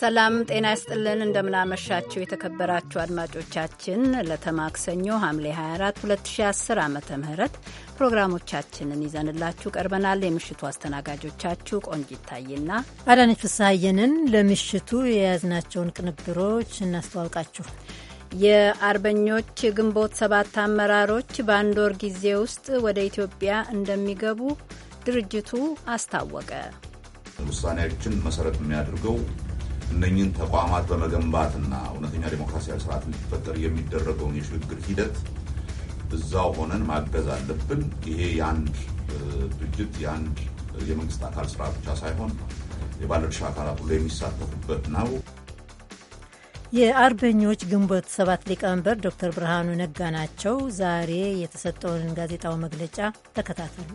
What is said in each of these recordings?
ሰላም ጤና ይስጥልን። እንደምናመሻችው የተከበራችሁ አድማጮቻችን ለተማክሰኞ ሐምሌ 24 2010 ዓ ም ፕሮግራሞቻችንን ይዘንላችሁ ቀርበናል። የምሽቱ አስተናጋጆቻችሁ ቆንጅ ይታይና አዳነች ፍስሐየንን ለምሽቱ የያዝናቸውን ቅንብሮች እናስተዋውቃችሁ። የአርበኞች ግንቦት ሰባት አመራሮች በአንድ ወር ጊዜ ውስጥ ወደ ኢትዮጵያ እንደሚገቡ ድርጅቱ አስታወቀ። ውሳኔያችን መሰረት የሚያደርገው እነኝን ተቋማት በመገንባትና እውነተኛ ዴሞክራሲያዊ ስርዓት እንዲፈጠር የሚደረገውን የሽግግር ሂደት እዛው ሆነን ማገዝ አለብን። ይሄ የአንድ ድርጅት የአንድ የመንግስት አካል ስራ ብቻ ሳይሆን የባለድርሻ አካላት ሁሉ የሚሳተፉበት ነው። የአርበኞች ግንቦት ሰባት ሊቀመንበር ዶክተር ብርሃኑ ነጋ ናቸው። ዛሬ የተሰጠውን ጋዜጣዊ መግለጫ ተከታተሉ።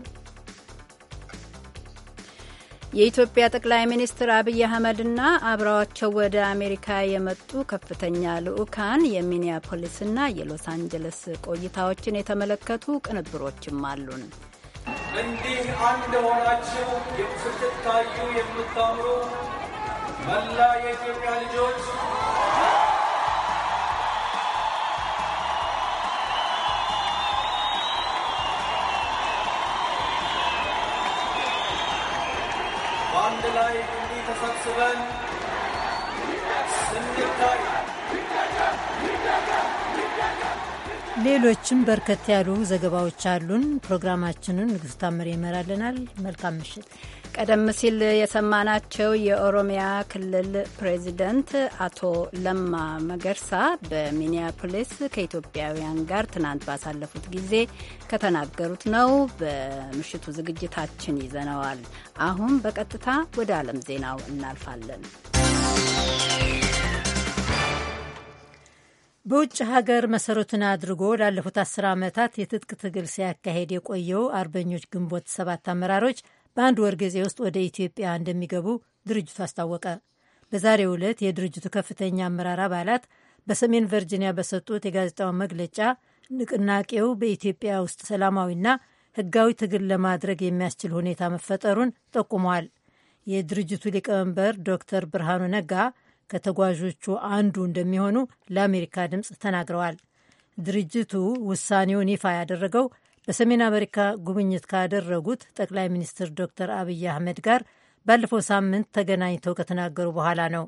የኢትዮጵያ ጠቅላይ ሚኒስትር አብይ አህመድና አብረዋቸው ወደ አሜሪካ የመጡ ከፍተኛ ልዑካን የሚኒያፖሊስና የሎስ አንጀለስ ቆይታዎችን የተመለከቱ ቅንብሮችም አሉን። እንዲህ አንድ ሆናችሁ ስትታዩ የምታምሩ መላ የኢትዮጵያ ልጆች አንድ ላይ እንዲህ ተሰብስበን ስንታይ ሌሎችም በርከት ያሉ ዘገባዎች አሉን። ፕሮግራማችንን ንጉሥ ታምር ይመራልናል። መልካም ምሽት። ቀደም ሲል የሰማናቸው የኦሮሚያ ክልል ፕሬዚደንት አቶ ለማ መገርሳ በሚኒያፖሊስ ከኢትዮጵያውያን ጋር ትናንት ባሳለፉት ጊዜ ከተናገሩት ነው። በምሽቱ ዝግጅታችን ይዘነዋል። አሁን በቀጥታ ወደ ዓለም ዜናው እናልፋለን። በውጭ ሀገር መሰረቱን አድርጎ ላለፉት አስር ዓመታት የትጥቅ ትግል ሲያካሄድ የቆየው አርበኞች ግንቦት ሰባት አመራሮች በአንድ ወር ጊዜ ውስጥ ወደ ኢትዮጵያ እንደሚገቡ ድርጅቱ አስታወቀ። በዛሬው ዕለት የድርጅቱ ከፍተኛ አመራር አባላት በሰሜን ቨርጂኒያ በሰጡት የጋዜጣው መግለጫ ንቅናቄው በኢትዮጵያ ውስጥ ሰላማዊና ሕጋዊ ትግል ለማድረግ የሚያስችል ሁኔታ መፈጠሩን ጠቁመዋል። የድርጅቱ ሊቀመንበር ዶክተር ብርሃኑ ነጋ ከተጓዦቹ አንዱ እንደሚሆኑ ለአሜሪካ ድምፅ ተናግረዋል። ድርጅቱ ውሳኔውን ይፋ ያደረገው በሰሜን አሜሪካ ጉብኝት ካደረጉት ጠቅላይ ሚኒስትር ዶክተር አብይ አህመድ ጋር ባለፈው ሳምንት ተገናኝተው ከተናገሩ በኋላ ነው።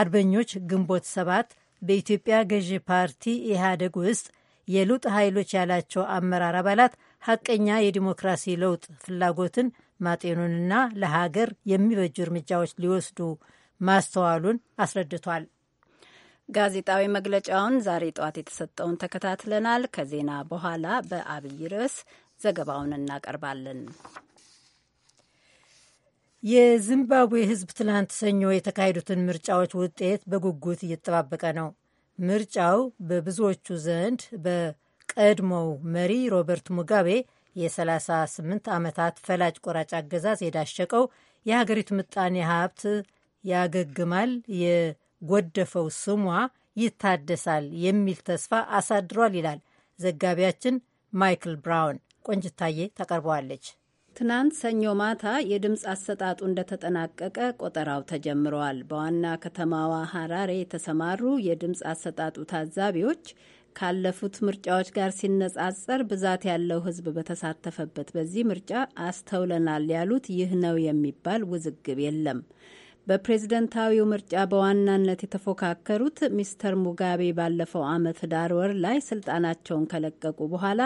አርበኞች ግንቦት ሰባት በኢትዮጵያ ገዢ ፓርቲ ኢህአደግ ውስጥ የለውጥ ኃይሎች ያላቸው አመራር አባላት ሀቀኛ የዲሞክራሲ ለውጥ ፍላጎትን ማጤኑንና ለሀገር የሚበጁ እርምጃዎች ሊወስዱ ማስተዋሉን አስረድቷል። ጋዜጣዊ መግለጫውን ዛሬ ጠዋት የተሰጠውን ተከታትለናል። ከዜና በኋላ በአብይ ርዕስ ዘገባውን እናቀርባለን። የዚምባብዌ ሕዝብ ትላንት ሰኞ የተካሄዱትን ምርጫዎች ውጤት በጉጉት እየተጠባበቀ ነው። ምርጫው በብዙዎቹ ዘንድ በቀድሞው መሪ ሮበርት ሙጋቤ የ38 ዓመታት ፈላጭ ቆራጭ አገዛዝ የዳሸቀው የሀገሪቱ ምጣኔ ሀብት ያገግማል ጎደፈው ስሟ ይታደሳል የሚል ተስፋ አሳድሯል ይላል ዘጋቢያችን ማይክል ብራውን። ቆንጅታዬ ታቀርበዋለች። ትናንት ሰኞ ማታ የድምፅ አሰጣጡ እንደተጠናቀቀ ቆጠራው ተጀምረዋል። በዋና ከተማዋ ሀራሬ የተሰማሩ የድምፅ አሰጣጡ ታዛቢዎች ካለፉት ምርጫዎች ጋር ሲነጻጸር ብዛት ያለው ሕዝብ በተሳተፈበት በዚህ ምርጫ አስተውለናል ያሉት ይህ ነው የሚባል ውዝግብ የለም። በፕሬዝደንታዊው ምርጫ በዋናነት የተፎካከሩት ሚስተር ሙጋቤ ባለፈው ዓመት ዳር ወር ላይ ስልጣናቸውን ከለቀቁ በኋላ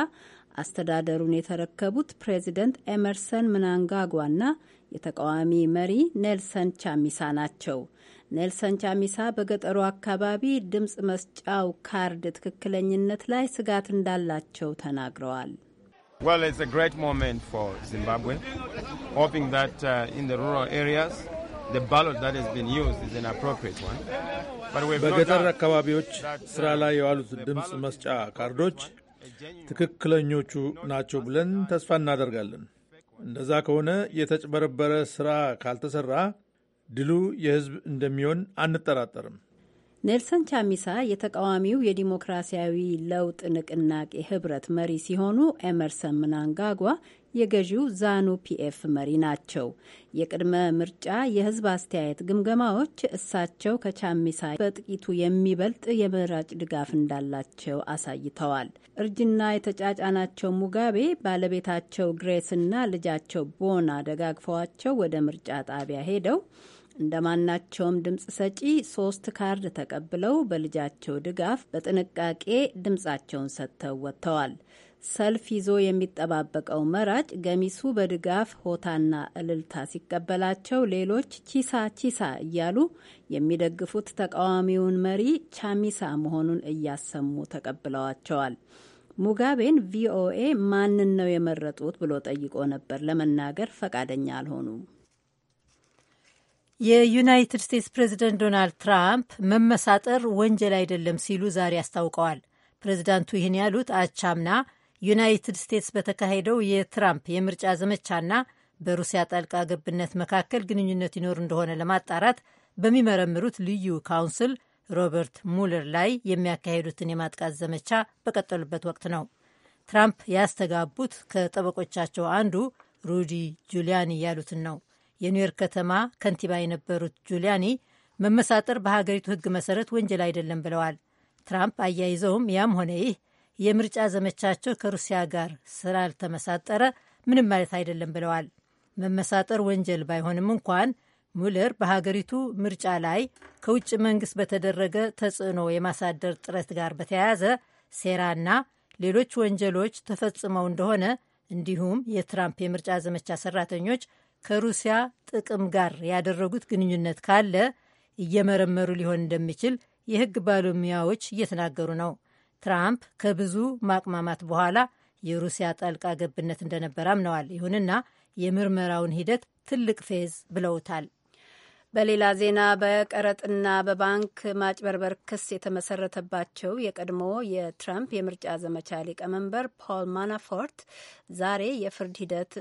አስተዳደሩን የተረከቡት ፕሬዚደንት ኤመርሰን ምናንጋጓና የተቃዋሚ መሪ ኔልሰን ቻሚሳ ናቸው። ኔልሰን ቻሚሳ በገጠሩ አካባቢ ድምፅ መስጫው ካርድ ትክክለኝነት ላይ ስጋት እንዳላቸው ተናግረዋል። well, it's a great moment for Zimbabwe, hoping that uh, in the rural areas በገጠር አካባቢዎች uh, ስራ ላይ የዋሉት ድምፅ መስጫ ካርዶች ትክክለኞቹ ናቸው ብለን ተስፋ እናደርጋለን። እንደዛ ከሆነ የተጭበረበረ ስራ ካልተሰራ ድሉ የህዝብ እንደሚሆን አንጠራጠርም። ኔልሰን ቻሚሳ የተቃዋሚው የዲሞክራሲያዊ ለውጥ ንቅናቄ ህብረት መሪ ሲሆኑ ኤመርሰን ምናንጋጓ የገዢው ዛኑ ፒኤፍ መሪ ናቸው። የቅድመ ምርጫ የህዝብ አስተያየት ግምገማዎች እሳቸው ከቻሚሳ በጥቂቱ የሚበልጥ የመራጭ ድጋፍ እንዳላቸው አሳይተዋል። እርጅና የተጫጫናቸው ሙጋቤ ባለቤታቸው ግሬስ እና ልጃቸው ቦና ደጋግፈዋቸው ወደ ምርጫ ጣቢያ ሄደው እንደማናቸውም ድምፅ ሰጪ ሶስት ካርድ ተቀብለው በልጃቸው ድጋፍ በጥንቃቄ ድምፃቸውን ሰጥተው ወጥተዋል። ሰልፍ ይዞ የሚጠባበቀው መራጭ ገሚሱ በድጋፍ ሆታና እልልታ ሲቀበላቸው፣ ሌሎች ቺሳ ቺሳ እያሉ የሚደግፉት ተቃዋሚውን መሪ ቻሚሳ መሆኑን እያሰሙ ተቀብለዋቸዋል። ሙጋቤን ቪኦኤ ማንን ነው የመረጡት ብሎ ጠይቆ ነበር። ለመናገር ፈቃደኛ አልሆኑም። የዩናይትድ ስቴትስ ፕሬዚደንት ዶናልድ ትራምፕ መመሳጠር ወንጀል አይደለም ሲሉ ዛሬ አስታውቀዋል። ፕሬዚዳንቱ ይህን ያሉት አቻምና ዩናይትድ ስቴትስ በተካሄደው የትራምፕ የምርጫ ዘመቻና በሩሲያ ጣልቃ ገብነት መካከል ግንኙነት ይኖር እንደሆነ ለማጣራት በሚመረምሩት ልዩ ካውንስል ሮበርት ሙለር ላይ የሚያካሄዱትን የማጥቃት ዘመቻ በቀጠሉበት ወቅት ነው። ትራምፕ ያስተጋቡት ከጠበቆቻቸው አንዱ ሩዲ ጁሊያኒ ያሉትን ነው። የኒውዮርክ ከተማ ከንቲባ የነበሩት ጁሊያኒ መመሳጠር በሀገሪቱ ሕግ መሰረት ወንጀል አይደለም ብለዋል። ትራምፕ አያይዘውም ያም ሆነ ይህ የምርጫ ዘመቻቸው ከሩሲያ ጋር ስላልተመሳጠረ ምንም ማለት አይደለም ብለዋል። መመሳጠር ወንጀል ባይሆንም እንኳን ሙለር በሀገሪቱ ምርጫ ላይ ከውጭ መንግስት በተደረገ ተጽዕኖ የማሳደር ጥረት ጋር በተያያዘ ሴራና ሌሎች ወንጀሎች ተፈጽመው እንደሆነ እንዲሁም የትራምፕ የምርጫ ዘመቻ ሰራተኞች ከሩሲያ ጥቅም ጋር ያደረጉት ግንኙነት ካለ እየመረመሩ ሊሆን እንደሚችል የሕግ ባለሙያዎች እየተናገሩ ነው። ትራምፕ ከብዙ ማቅማማት በኋላ የሩሲያ ጣልቃ ገብነት እንደነበር አምነዋል። ይሁንና የምርመራውን ሂደት ትልቅ ፌዝ ብለውታል። በሌላ ዜና በቀረጥና በባንክ ማጭበርበር ክስ የተመሰረተባቸው የቀድሞ የትራምፕ የምርጫ ዘመቻ ሊቀመንበር ፖል ማናፎርት ዛሬ የፍርድ ሂደት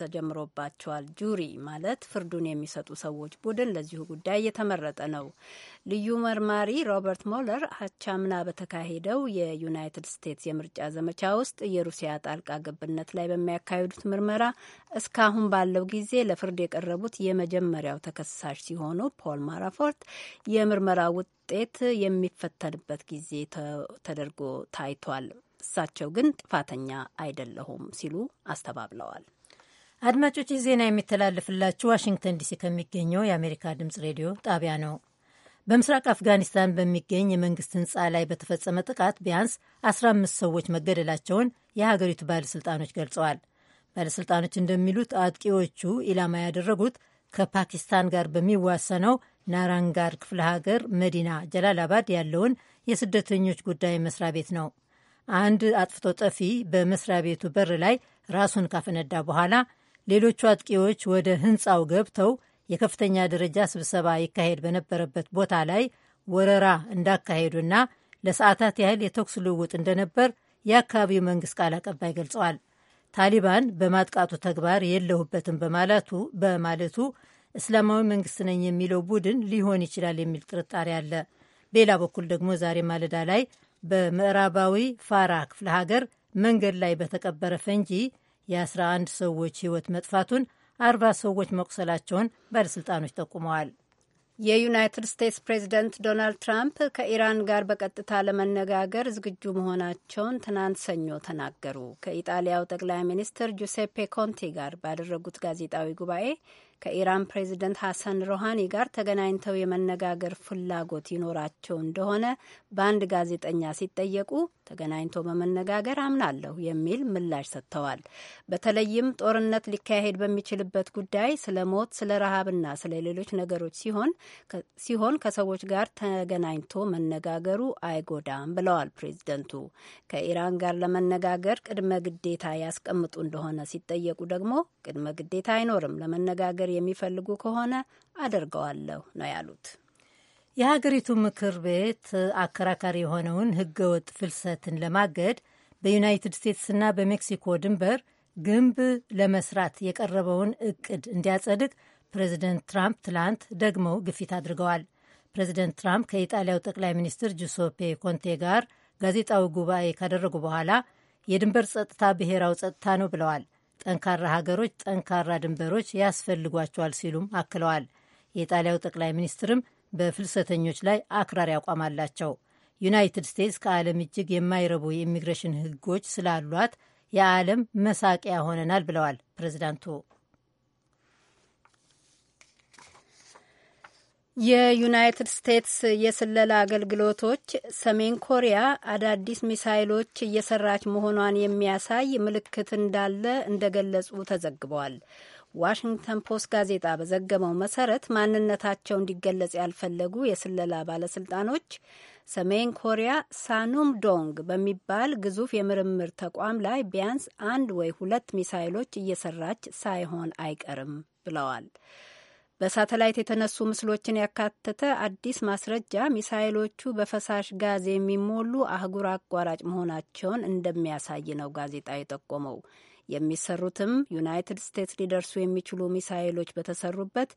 ተጀምሮባቸዋል። ጁሪ ማለት ፍርዱን የሚሰጡ ሰዎች ቡድን ለዚሁ ጉዳይ የተመረጠ ነው። ልዩ መርማሪ ሮበርት ሞለር አቻምና በተካሄደው የዩናይትድ ስቴትስ የምርጫ ዘመቻ ውስጥ የሩሲያ ጣልቃ ገብነት ላይ በሚያካሂዱት ምርመራ እስካሁን ባለው ጊዜ ለፍርድ የቀረቡት የመጀመሪያው ተከ ተከሳሽ ሲሆኑ ፖል ማራፎርት የምርመራ ውጤት የሚፈተንበት ጊዜ ተደርጎ ታይቷል፣ እሳቸው ግን ጥፋተኛ አይደለሁም ሲሉ አስተባብለዋል። አድማጮች ይህ ዜና የሚተላለፍላችሁ ዋሽንግተን ዲሲ ከሚገኘው የአሜሪካ ድምጽ ሬዲዮ ጣቢያ ነው። በምስራቅ አፍጋኒስታን በሚገኝ የመንግስት ህንፃ ላይ በተፈጸመ ጥቃት ቢያንስ 15 ሰዎች መገደላቸውን የሀገሪቱ ባለሥልጣኖች ገልጸዋል። ባለሥልጣኖች እንደሚሉት አጥቂዎቹ ኢላማ ያደረጉት ከፓኪስታን ጋር በሚዋሰነው ናራንጋር ክፍለ ሀገር መዲና ጀላላባድ ያለውን የስደተኞች ጉዳይ መስሪያ ቤት ነው። አንድ አጥፍቶ ጠፊ በመስሪያ ቤቱ በር ላይ ራሱን ካፈነዳ በኋላ ሌሎቹ አጥቂዎች ወደ ህንፃው ገብተው የከፍተኛ ደረጃ ስብሰባ ይካሄድ በነበረበት ቦታ ላይ ወረራ እንዳካሄዱና ለሰዓታት ያህል የተኩስ ልውውጥ እንደነበር የአካባቢው መንግስት ቃል አቀባይ ገልጸዋል። ታሊባን በማጥቃቱ ተግባር የለሁበትም በማለቱ በማለቱ እስላማዊ መንግስት ነኝ የሚለው ቡድን ሊሆን ይችላል የሚል ጥርጣሬ አለ። በሌላ በኩል ደግሞ ዛሬ ማለዳ ላይ በምዕራባዊ ፋራ ክፍለ ሀገር መንገድ ላይ በተቀበረ ፈንጂ የ11 ሰዎች ህይወት መጥፋቱን፣ አርባ ሰዎች መቁሰላቸውን ባለሥልጣኖች ጠቁመዋል። የዩናይትድ ስቴትስ ፕሬዚደንት ዶናልድ ትራምፕ ከኢራን ጋር በቀጥታ ለመነጋገር ዝግጁ መሆናቸውን ትናንት ሰኞ ተናገሩ። ከኢጣሊያው ጠቅላይ ሚኒስትር ጁሴፔ ኮንቲ ጋር ባደረጉት ጋዜጣዊ ጉባኤ ከኢራን ፕሬዚደንት ሐሰን ሮሃኒ ጋር ተገናኝተው የመነጋገር ፍላጎት ይኖራቸው እንደሆነ በአንድ ጋዜጠኛ ሲጠየቁ ተገናኝቶ በመነጋገር አምናለሁ የሚል ምላሽ ሰጥተዋል። በተለይም ጦርነት ሊካሄድ በሚችልበት ጉዳይ ስለ ሞት፣ ስለ ረሃብና ስለ ሌሎች ነገሮች ሲሆን ሲሆን ከሰዎች ጋር ተገናኝቶ መነጋገሩ አይጎዳም ብለዋል ፕሬዚደንቱ። ከኢራን ጋር ለመነጋገር ቅድመ ግዴታ ያስቀምጡ እንደሆነ ሲጠየቁ ደግሞ ቅድመ ግዴታ አይኖርም ለመነጋገር መቀየር የሚፈልጉ ከሆነ አደርገዋለሁ ነው ያሉት። የሀገሪቱ ምክር ቤት አከራካሪ የሆነውን ህገወጥ ፍልሰትን ለማገድ በዩናይትድ ስቴትስና በሜክሲኮ ድንበር ግንብ ለመስራት የቀረበውን እቅድ እንዲያጸድቅ ፕሬዚደንት ትራምፕ ትላንት ደግመው ግፊት አድርገዋል። ፕሬዚደንት ትራምፕ ከኢጣሊያው ጠቅላይ ሚኒስትር ጁሶፔ ኮንቴ ጋር ጋዜጣዊ ጉባኤ ካደረጉ በኋላ የድንበር ጸጥታ ብሔራዊ ጸጥታ ነው ብለዋል። ጠንካራ ሀገሮች ጠንካራ ድንበሮች ያስፈልጓቸዋል ሲሉም አክለዋል። የጣሊያው ጠቅላይ ሚኒስትርም በፍልሰተኞች ላይ አክራሪ አቋም አላቸው። ዩናይትድ ስቴትስ ከዓለም እጅግ የማይረቡ የኢሚግሬሽን ሕጎች ስላሏት የዓለም መሳቂያ ሆነናል ብለዋል ፕሬዚዳንቱ። የዩናይትድ ስቴትስ የስለላ አገልግሎቶች ሰሜን ኮሪያ አዳዲስ ሚሳይሎች እየሰራች መሆኗን የሚያሳይ ምልክት እንዳለ እንደገለጹ ተዘግበዋል። ዋሽንግተን ፖስት ጋዜጣ በዘገበው መሰረት ማንነታቸው እንዲገለጽ ያልፈለጉ የስለላ ባለስልጣኖች ሰሜን ኮሪያ ሳኑም ዶንግ በሚባል ግዙፍ የምርምር ተቋም ላይ ቢያንስ አንድ ወይ ሁለት ሚሳይሎች እየሰራች ሳይሆን አይቀርም ብለዋል። በሳተላይት የተነሱ ምስሎችን ያካተተ አዲስ ማስረጃ ሚሳይሎቹ በፈሳሽ ጋዝ የሚሞሉ አህጉር አቋራጭ መሆናቸውን እንደሚያሳይ ነው ጋዜጣ የጠቆመው። የሚሰሩትም ዩናይትድ ስቴትስ ሊደርሱ የሚችሉ ሚሳይሎች በተሰሩበት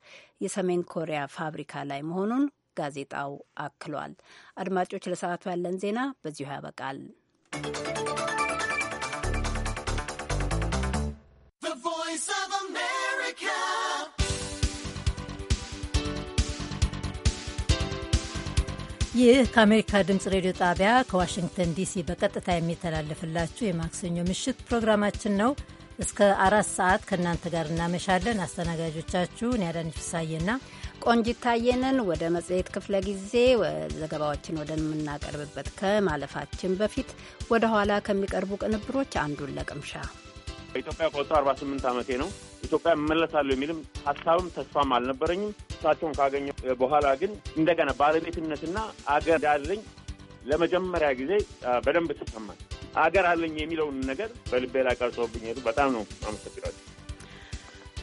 የሰሜን ኮሪያ ፋብሪካ ላይ መሆኑን ጋዜጣው አክሏል። አድማጮች፣ ለሰዓቱ ያለን ዜና በዚሁ ያበቃል። ይህ ከአሜሪካ ድምፅ ሬዲዮ ጣቢያ ከዋሽንግተን ዲሲ በቀጥታ የሚተላለፍላችሁ የማክሰኞ ምሽት ፕሮግራማችን ነው። እስከ አራት ሰዓት ከእናንተ ጋር እናመሻለን። አስተናጋጆቻችሁ ኒያዳን ፍሳዬና ቆንጂት ታየ ወደ መጽሔት ክፍለ ጊዜ ዘገባዎችን ወደምናቀርብበት ከማለፋችን በፊት ወደ ኋላ ከሚቀርቡ ቅንብሮች አንዱን ለቅምሻ በኢትዮጵያ ከወጣሁ አርባ ስምንት ዓመቴ ነው። ኢትዮጵያ እመለሳለሁ የሚልም ሀሳብም ተስፋም አልነበረኝም። እሳቸውን ካገኘ በኋላ ግን እንደገና ባለቤትነትና አገር እንዳለኝ ለመጀመሪያ ጊዜ በደንብ ተሰማኝ። አገር አለኝ የሚለውን ነገር በልቤ ላይ ቀርጾብኝ በጣም ነው አመሰግናለሁ።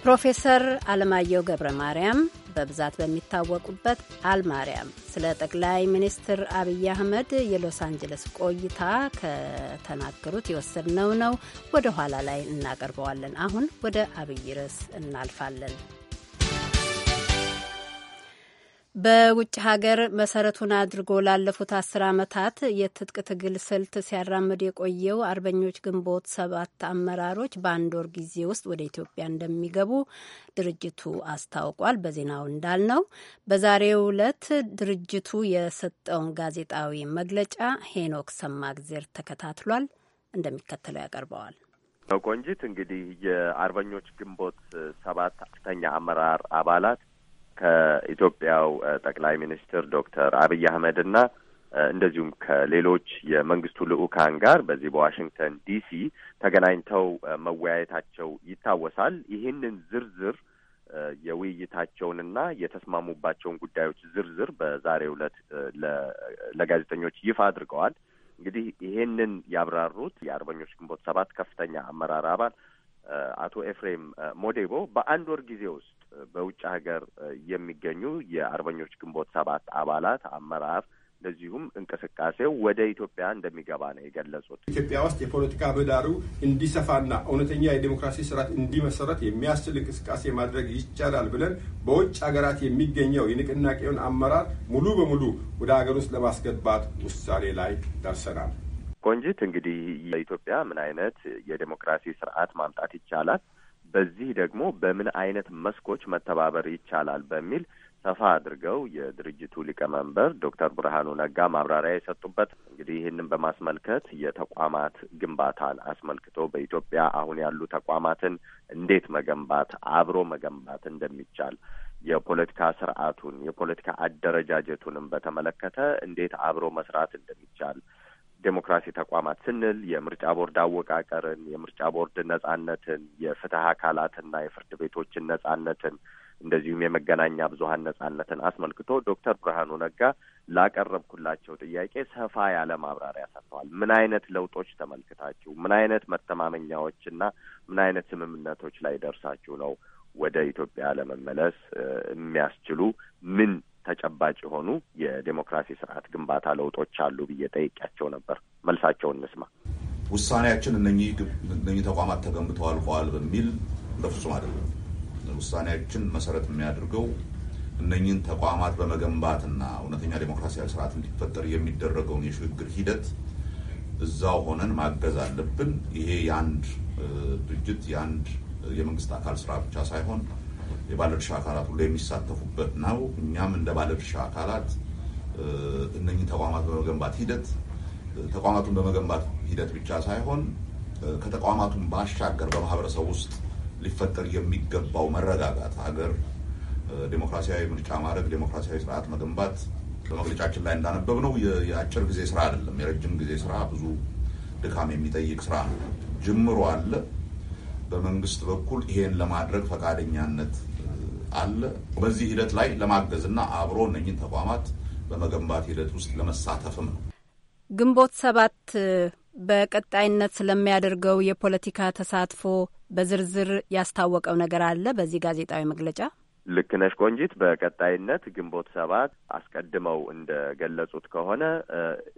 ፕሮፌሰር አለማየሁ ገብረ ማርያም በብዛት በሚታወቁበት አልማርያም ስለ ጠቅላይ ሚኒስትር አብይ አህመድ የሎስ አንጀለስ ቆይታ ከተናገሩት የወሰድነው ነው። ወደ ኋላ ላይ እናቀርበዋለን። አሁን ወደ አብይ ርዕስ እናልፋለን። በውጭ ሀገር መሰረቱን አድርጎ ላለፉት አስር ዓመታት የትጥቅ ትግል ስልት ሲያራምድ የቆየው አርበኞች ግንቦት ሰባት አመራሮች በአንድ ወር ጊዜ ውስጥ ወደ ኢትዮጵያ እንደሚገቡ ድርጅቱ አስታውቋል። በዜናው እንዳልነው በዛሬው ዕለት ድርጅቱ የሰጠውን ጋዜጣዊ መግለጫ ሄኖክ ሰማግዜር ተከታትሏል፣ እንደሚከተለው ያቀርበዋል። ቆንጂት እንግዲህ የአርበኞች ግንቦት ሰባት ከፍተኛ አመራር አባላት ከኢትዮጵያው ጠቅላይ ሚኒስትር ዶክተር አብይ አህመድና እንደዚሁም ከሌሎች የመንግስቱ ልዑካን ጋር በዚህ በዋሽንግተን ዲሲ ተገናኝተው መወያየታቸው ይታወሳል። ይህንን ዝርዝር የውይይታቸውንና የተስማሙባቸውን ጉዳዮች ዝርዝር በዛሬው ዕለት ለጋዜጠኞች ይፋ አድርገዋል። እንግዲህ ይሄንን ያብራሩት የአርበኞች ግንቦት ሰባት ከፍተኛ አመራር አባል አቶ ኤፍሬም ሞዴቦ በአንድ ወር ጊዜ ውስጥ በውጭ ሀገር የሚገኙ የአርበኞች ግንቦት ሰባት አባላት አመራር እንደዚሁም እንቅስቃሴው ወደ ኢትዮጵያ እንደሚገባ ነው የገለጹት። ኢትዮጵያ ውስጥ የፖለቲካ ምህዳሩ እንዲሰፋና እውነተኛ የዴሞክራሲ ስርዓት እንዲመሰረት የሚያስችል እንቅስቃሴ ማድረግ ይቻላል ብለን በውጭ ሀገራት የሚገኘው የንቅናቄውን አመራር ሙሉ በሙሉ ወደ ሀገር ውስጥ ለማስገባት ውሳኔ ላይ ደርሰናል። ቆንጅት፣ እንግዲህ የኢትዮጵያ ምን አይነት የዴሞክራሲ ስርዓት ማምጣት ይቻላል በዚህ ደግሞ በምን አይነት መስኮች መተባበር ይቻላል በሚል ሰፋ አድርገው የድርጅቱ ሊቀመንበር ዶክተር ብርሃኑ ነጋ ማብራሪያ የሰጡበት እንግዲህ ይህንን በማስመልከት የተቋማት ግንባታን አስመልክቶ በኢትዮጵያ አሁን ያሉ ተቋማትን እንዴት መገንባት አብሮ መገንባት እንደሚቻል የፖለቲካ ስርዓቱን የፖለቲካ አደረጃጀቱንም በተመለከተ እንዴት አብሮ መስራት እንደሚቻል ዴሞክራሲ ተቋማት ስንል የምርጫ ቦርድ አወቃቀርን፣ የምርጫ ቦርድ ነጻነትን፣ የፍትህ አካላትና የፍርድ ቤቶችን ነጻነትን እንደዚሁም የመገናኛ ብዙሀን ነጻነትን አስመልክቶ ዶክተር ብርሃኑ ነጋ ላቀረብኩላቸው ጥያቄ ሰፋ ያለ ማብራሪያ ሰጥተዋል። ምን አይነት ለውጦች ተመልክታችሁ፣ ምን አይነት መተማመኛዎችና ምን አይነት ስምምነቶች ላይ ደርሳችሁ ነው ወደ ኢትዮጵያ ለመመለስ የሚያስችሉ ምን ተጨባጭ የሆኑ የዴሞክራሲ ስርዓት ግንባታ ለውጦች አሉ ብዬ ጠይቄያቸው ነበር። መልሳቸውን እንስማ። ውሳኔያችን እነኚህ ተቋማት ተገንብተው አልቀዋል በሚል በፍጹም አይደለም። ውሳኔያችን መሰረት የሚያደርገው እነኚህን ተቋማት በመገንባትና እውነተኛ ዴሞክራሲያዊ ስርዓት እንዲፈጠር የሚደረገውን የሽግግር ሂደት እዛው ሆነን ማገዝ አለብን። ይሄ የአንድ ድርጅት የአንድ የመንግስት አካል ስራ ብቻ ሳይሆን የባለድርሻ አካላት ሁሉ የሚሳተፉበት ነው። እኛም እንደ ባለድርሻ አካላት እነኚህ ተቋማት በመገንባት ሂደት ተቋማቱን በመገንባት ሂደት ብቻ ሳይሆን ከተቋማቱን ባሻገር በማህበረሰብ ውስጥ ሊፈጠር የሚገባው መረጋጋት፣ ሀገር ዴሞክራሲያዊ ምርጫ ማድረግ፣ ዴሞክራሲያዊ ስርዓት መገንባት በመግለጫችን ላይ እንዳነበብ ነው የአጭር ጊዜ ስራ አይደለም። የረጅም ጊዜ ስራ ብዙ ድካም የሚጠይቅ ስራ ነው። ጅምሮ አለ። በመንግስት በኩል ይሄን ለማድረግ ፈቃደኛነት አለ። በዚህ ሂደት ላይ ለማገዝ እና አብሮ እነኝን ተቋማት በመገንባት ሂደት ውስጥ ለመሳተፍም ነው። ግንቦት ሰባት በቀጣይነት ስለሚያደርገው የፖለቲካ ተሳትፎ በዝርዝር ያስታወቀው ነገር አለ በዚህ ጋዜጣዊ መግለጫ። ልክ ነሽ ቆንጂት። በቀጣይነት ግንቦት ሰባት አስቀድመው እንደ ገለጹት ከሆነ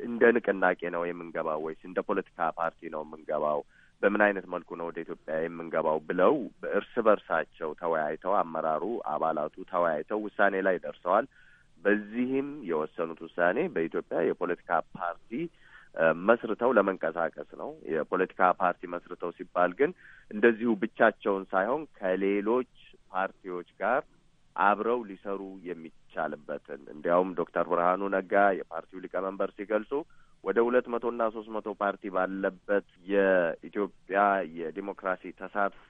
እንደ ንቅናቄ ነው የምንገባው ወይስ እንደ ፖለቲካ ፓርቲ ነው የምንገባው በምን አይነት መልኩ ነው ወደ ኢትዮጵያ የምንገባው ብለው እርስ በርሳቸው ተወያይተው አመራሩ፣ አባላቱ ተወያይተው ውሳኔ ላይ ደርሰዋል። በዚህም የወሰኑት ውሳኔ በኢትዮጵያ የፖለቲካ ፓርቲ መስርተው ለመንቀሳቀስ ነው። የፖለቲካ ፓርቲ መስርተው ሲባል ግን እንደዚሁ ብቻቸውን ሳይሆን ከሌሎች ፓርቲዎች ጋር አብረው ሊሰሩ የሚቻልበትን እንዲያውም ዶክተር ብርሃኑ ነጋ የፓርቲው ሊቀመንበር ሲገልጹ ወደ ሁለት መቶ መቶና ሶስት መቶ ፓርቲ ባለበት የኢትዮጵያ የዲሞክራሲ ተሳትፎ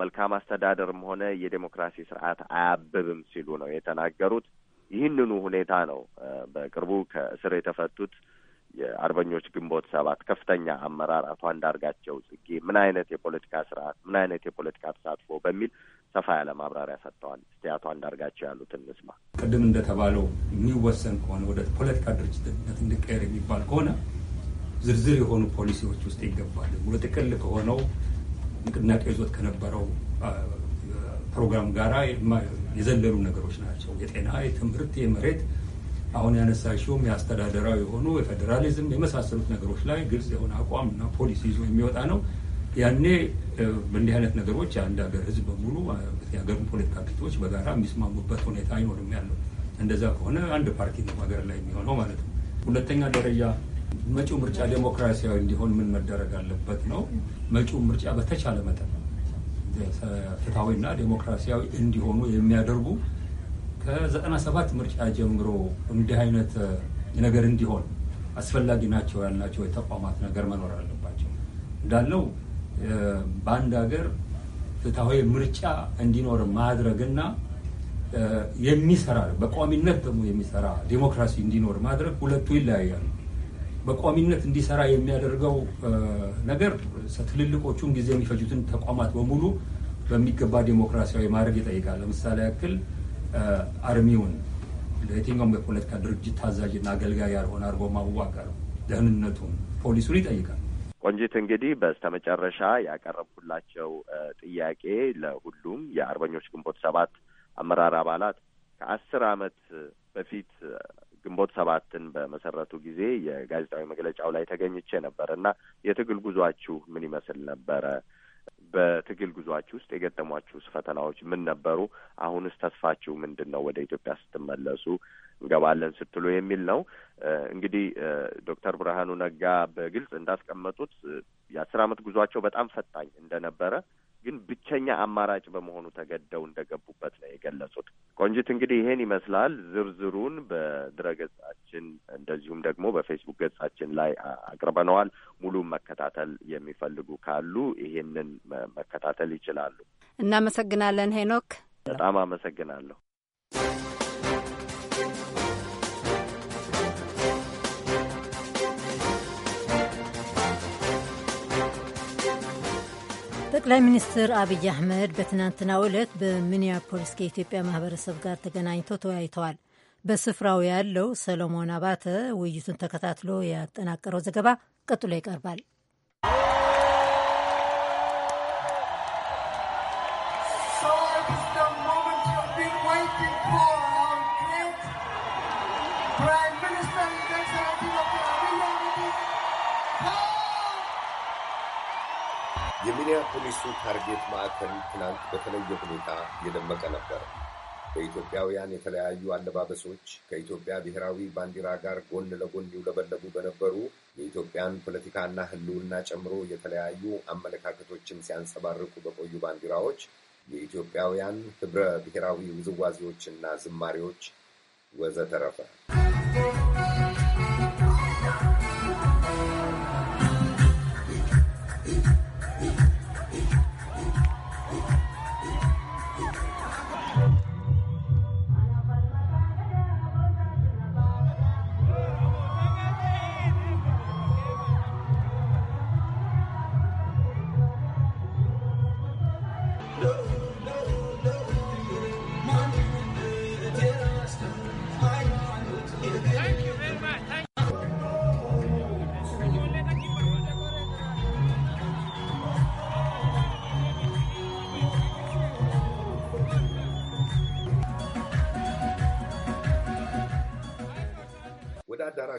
መልካም አስተዳደርም ሆነ የዴሞክራሲ ስርዓት አያብብም ሲሉ ነው የተናገሩት። ይህንኑ ሁኔታ ነው በቅርቡ ከእስር የተፈቱት የአርበኞች ግንቦት ሰባት ከፍተኛ አመራር አቶ አንዳርጋቸው ጽጌ ምን አይነት የፖለቲካ ስርዓት ምን አይነት የፖለቲካ ተሳትፎ በሚል ሰፋ ያለ ማብራሪያ ሰጥተዋል። እስቲ አቶ አንዳርጋቸው ያሉትን እንስማ። ቅድም እንደተባለው የሚወሰን ከሆነ ወደ ፖለቲካ ድርጅትነት እንዲቀየር የሚባል ከሆነ ዝርዝር የሆኑ ፖሊሲዎች ውስጥ ይገባል። ወደ ጥቅል ከሆነው ንቅናቄ ይዞት ከነበረው ፕሮግራም ጋር የዘለሉ ነገሮች ናቸው። የጤና፣ የትምህርት፣ የመሬት አሁን ያነሳሽውም የአስተዳደራዊ የሆኑ የፌዴራሊዝም የመሳሰሉት ነገሮች ላይ ግልጽ የሆነ አቋምና ፖሊሲ ይዞ የሚወጣ ነው። ያኔ በእንዲህ አይነት ነገሮች የአንድ ሀገር ህዝብ በሙሉ የሀገሩን ፖለቲካ ክቶች በጋራ የሚስማሙበት ሁኔታ አይኖርም ያለው። እንደዛ ከሆነ አንድ ፓርቲ ነው ሀገር ላይ የሚሆነው ማለት ነው። ሁለተኛ ደረጃ መጪው ምርጫ ዴሞክራሲያዊ እንዲሆን ምን መደረግ አለበት ነው። መጪው ምርጫ በተቻለ መጠን ፍትሐዊና ዴሞክራሲያዊ እንዲሆኑ የሚያደርጉ ከዘጠና ሰባት ምርጫ ጀምሮ እንዲህ አይነት ነገር እንዲሆን አስፈላጊ ናቸው ያልናቸው የተቋማት ነገር መኖር አለባቸው እንዳለው በአንድ ሀገር ፍትሐዊ ምርጫ እንዲኖር ማድረግና የሚሰራ በቋሚነት ደግሞ የሚሰራ ዴሞክራሲ እንዲኖር ማድረግ ሁለቱ ይለያያሉ። በቋሚነት እንዲሰራ የሚያደርገው ነገር ትልልቆቹን ጊዜ የሚፈጁትን ተቋማት በሙሉ በሚገባ ዴሞክራሲያዊ ማድረግ ይጠይቃል። ለምሳሌ ያክል አርሚውን ለየትኛውም የፖለቲካ ድርጅት ታዛዥና አገልጋይ ያልሆነ አድርጎ ማዋቀር፣ ደህንነቱን፣ ፖሊሱን ይጠይቃል። ቆንጂት እንግዲህ በስተመጨረሻ ያቀረብኩላቸው ጥያቄ ለሁሉም የአርበኞች ግንቦት ሰባት አመራር አባላት ከአስር አመት በፊት ግንቦት ሰባትን በመሰረቱ ጊዜ የጋዜጣዊ መግለጫው ላይ ተገኝቼ ነበር እና የትግል ጉዟችሁ ምን ይመስል ነበረ? በትግል ጉዟችሁ ውስጥ የገጠሟችሁስ ፈተናዎች ምን ነበሩ? አሁንስ ተስፋችሁ ምንድን ነው? ወደ ኢትዮጵያ ስትመለሱ እንገባለን ስትሉ የሚል ነው። እንግዲህ ዶክተር ብርሃኑ ነጋ በግልጽ እንዳስቀመጡት የአስር አመት ጉዟቸው በጣም ፈታኝ እንደነበረ ግን ብቸኛ አማራጭ በመሆኑ ተገደው እንደገቡበት ነው የገለጹት። ቆንጅት እንግዲህ ይሄን ይመስላል። ዝርዝሩን ገጻችን እንደዚሁም ደግሞ በፌስቡክ ገጻችን ላይ አቅርበነዋል። ሙሉን መከታተል የሚፈልጉ ካሉ ይሄንን መከታተል ይችላሉ። እናመሰግናለን ሄኖክ። በጣም አመሰግናለሁ። ጠቅላይ ሚኒስትር አብይ አህመድ በትናንትናው ዕለት በሚኒያፖሊስ ከኢትዮጵያ ማህበረሰብ ጋር ተገናኝተው ተወያይተዋል። በስፍራው ያለው ሰለሞን አባተ ውይይቱን ተከታትሎ ያጠናቀረው ዘገባ ቀጥሎ ይቀርባል። ፖሊሱ ታርጌት ማዕከል ትናንት በተለየ ሁኔታ የደመቀ ነበር። በኢትዮጵያውያን የተለያዩ አለባበሶች ከኢትዮጵያ ብሔራዊ ባንዲራ ጋር ጎን ለጎን ይውለበለቡ በነበሩ የኢትዮጵያን ፖለቲካና ሕልውና ጨምሮ የተለያዩ አመለካከቶችን ሲያንጸባርቁ በቆዩ ባንዲራዎች የኢትዮጵያውያን ህብረ ብሔራዊ ውዝዋዜዎችና ዝማሬዎች ወዘተረፈ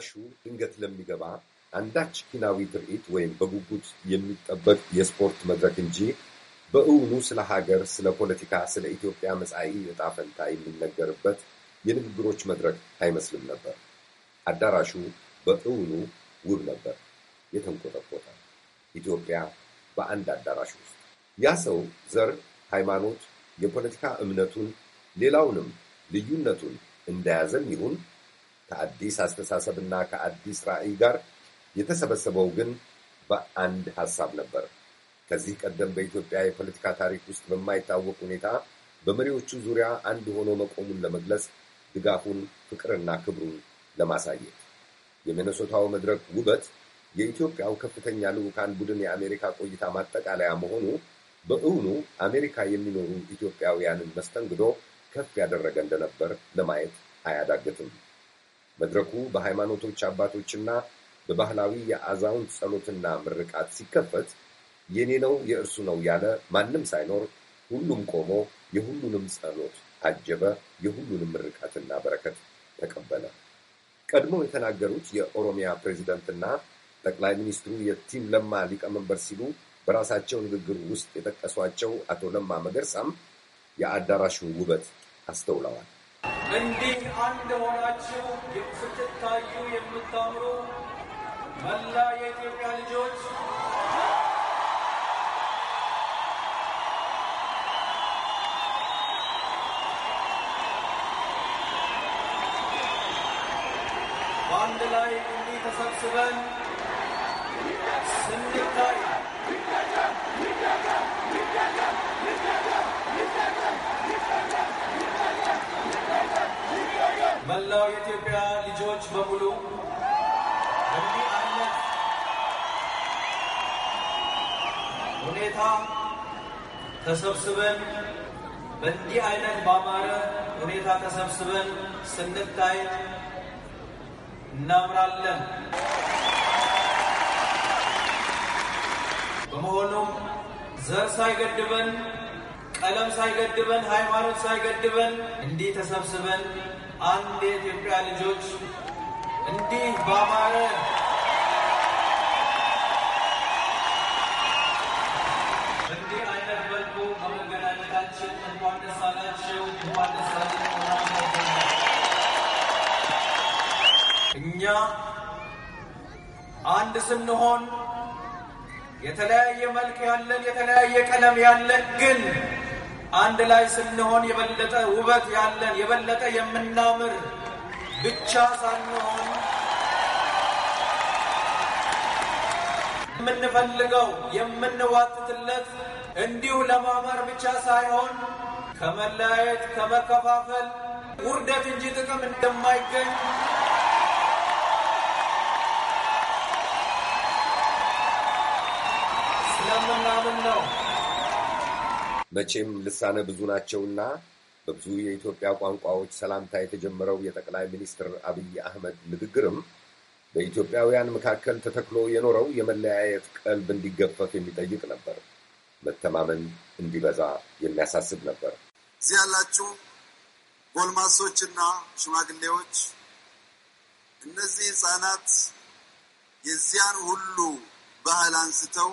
አዳራሹ ድንገት ለሚገባ አንዳች ኪናዊ ትርኢት ወይም በጉጉት የሚጠበቅ የስፖርት መድረክ እንጂ በእውኑ ስለ ሀገር፣ ስለ ፖለቲካ፣ ስለ ኢትዮጵያ መጻኢ ዕጣ ፈንታ የሚነገርበት የንግግሮች መድረክ አይመስልም ነበር። አዳራሹ በእውኑ ውብ ነበር፣ የተንቆጠቆጠ ኢትዮጵያ በአንድ አዳራሽ ውስጥ። ያ ሰው ዘር፣ ሃይማኖት፣ የፖለቲካ እምነቱን ሌላውንም ልዩነቱን እንደያዘም ይሁን ከአዲስ አስተሳሰብና ከአዲስ ራዕይ ጋር የተሰበሰበው ግን በአንድ ሀሳብ ነበር። ከዚህ ቀደም በኢትዮጵያ የፖለቲካ ታሪክ ውስጥ በማይታወቅ ሁኔታ በመሪዎቹ ዙሪያ አንድ ሆኖ መቆሙን ለመግለጽ ድጋፉን፣ ፍቅርና ክብሩን ለማሳየት የሚነሶታው መድረክ ውበት የኢትዮጵያው ከፍተኛ ልዑካን ቡድን የአሜሪካ ቆይታ ማጠቃለያ መሆኑ በእውኑ አሜሪካ የሚኖሩ ኢትዮጵያውያንን መስተንግዶ ከፍ ያደረገ እንደነበር ለማየት አያዳግትም። መድረኩ በሃይማኖቶች አባቶችና በባህላዊ የአዛውንት ጸሎትና ምርቃት ሲከፈት የኔ ነው የእርሱ ነው ያለ ማንም ሳይኖር ሁሉም ቆሞ የሁሉንም ጸሎት አጀበ፣ የሁሉንም ምርቃትና በረከት ተቀበለ። ቀድሞ የተናገሩት የኦሮሚያ ፕሬዚደንትና ጠቅላይ ሚኒስትሩ የቲም ለማ ሊቀመንበር ሲሉ በራሳቸው ንግግር ውስጥ የጠቀሷቸው አቶ ለማ መገርሳም የአዳራሹ ውበት አስተውለዋል። እንዲህ አንድ ሆናችሁ ስትታዩ የምታምሩ መላ የኢትዮጵያ ልጆች በአንድ ላይ እንዲህ ተሰብስበን ተሰብስበን በእንዲህ አይነት ባማረ ሁኔታ ተሰብስበን ስንታይ እናምራለን። በመሆኑም ዘር ሳይገድበን፣ ቀለም ሳይገድበን፣ ሃይማኖት ሳይገድበን እንዲህ ተሰብስበን አንድ የኢትዮጵያ ልጆች እንዲህ ባማረ አንድ ስንሆን የተለያየ መልክ ያለን የተለያየ ቀለም ያለን ግን አንድ ላይ ስንሆን የበለጠ ውበት ያለን የበለጠ የምናምር ብቻ ሳንሆን የምንፈልገው የምንዋትትለት እንዲሁ ለማማር ብቻ ሳይሆን ከመለያየት ከመከፋፈል ውርደት እንጂ ጥቅም እንደማይገኝ ነው። መቼም ልሳነ ብዙ ናቸውና በብዙ የኢትዮጵያ ቋንቋዎች ሰላምታ የተጀመረው የጠቅላይ ሚኒስትር አብይ አህመድ ንግግርም በኢትዮጵያውያን መካከል ተተክሎ የኖረው የመለያየት ቀልብ እንዲገፈፍ የሚጠይቅ ነበር። መተማመን እንዲበዛ የሚያሳስብ ነበር። እዚህ ያላችሁ ጎልማሶችና ሽማግሌዎች፣ እነዚህ ሕፃናት የዚያን ሁሉ ባህል አንስተው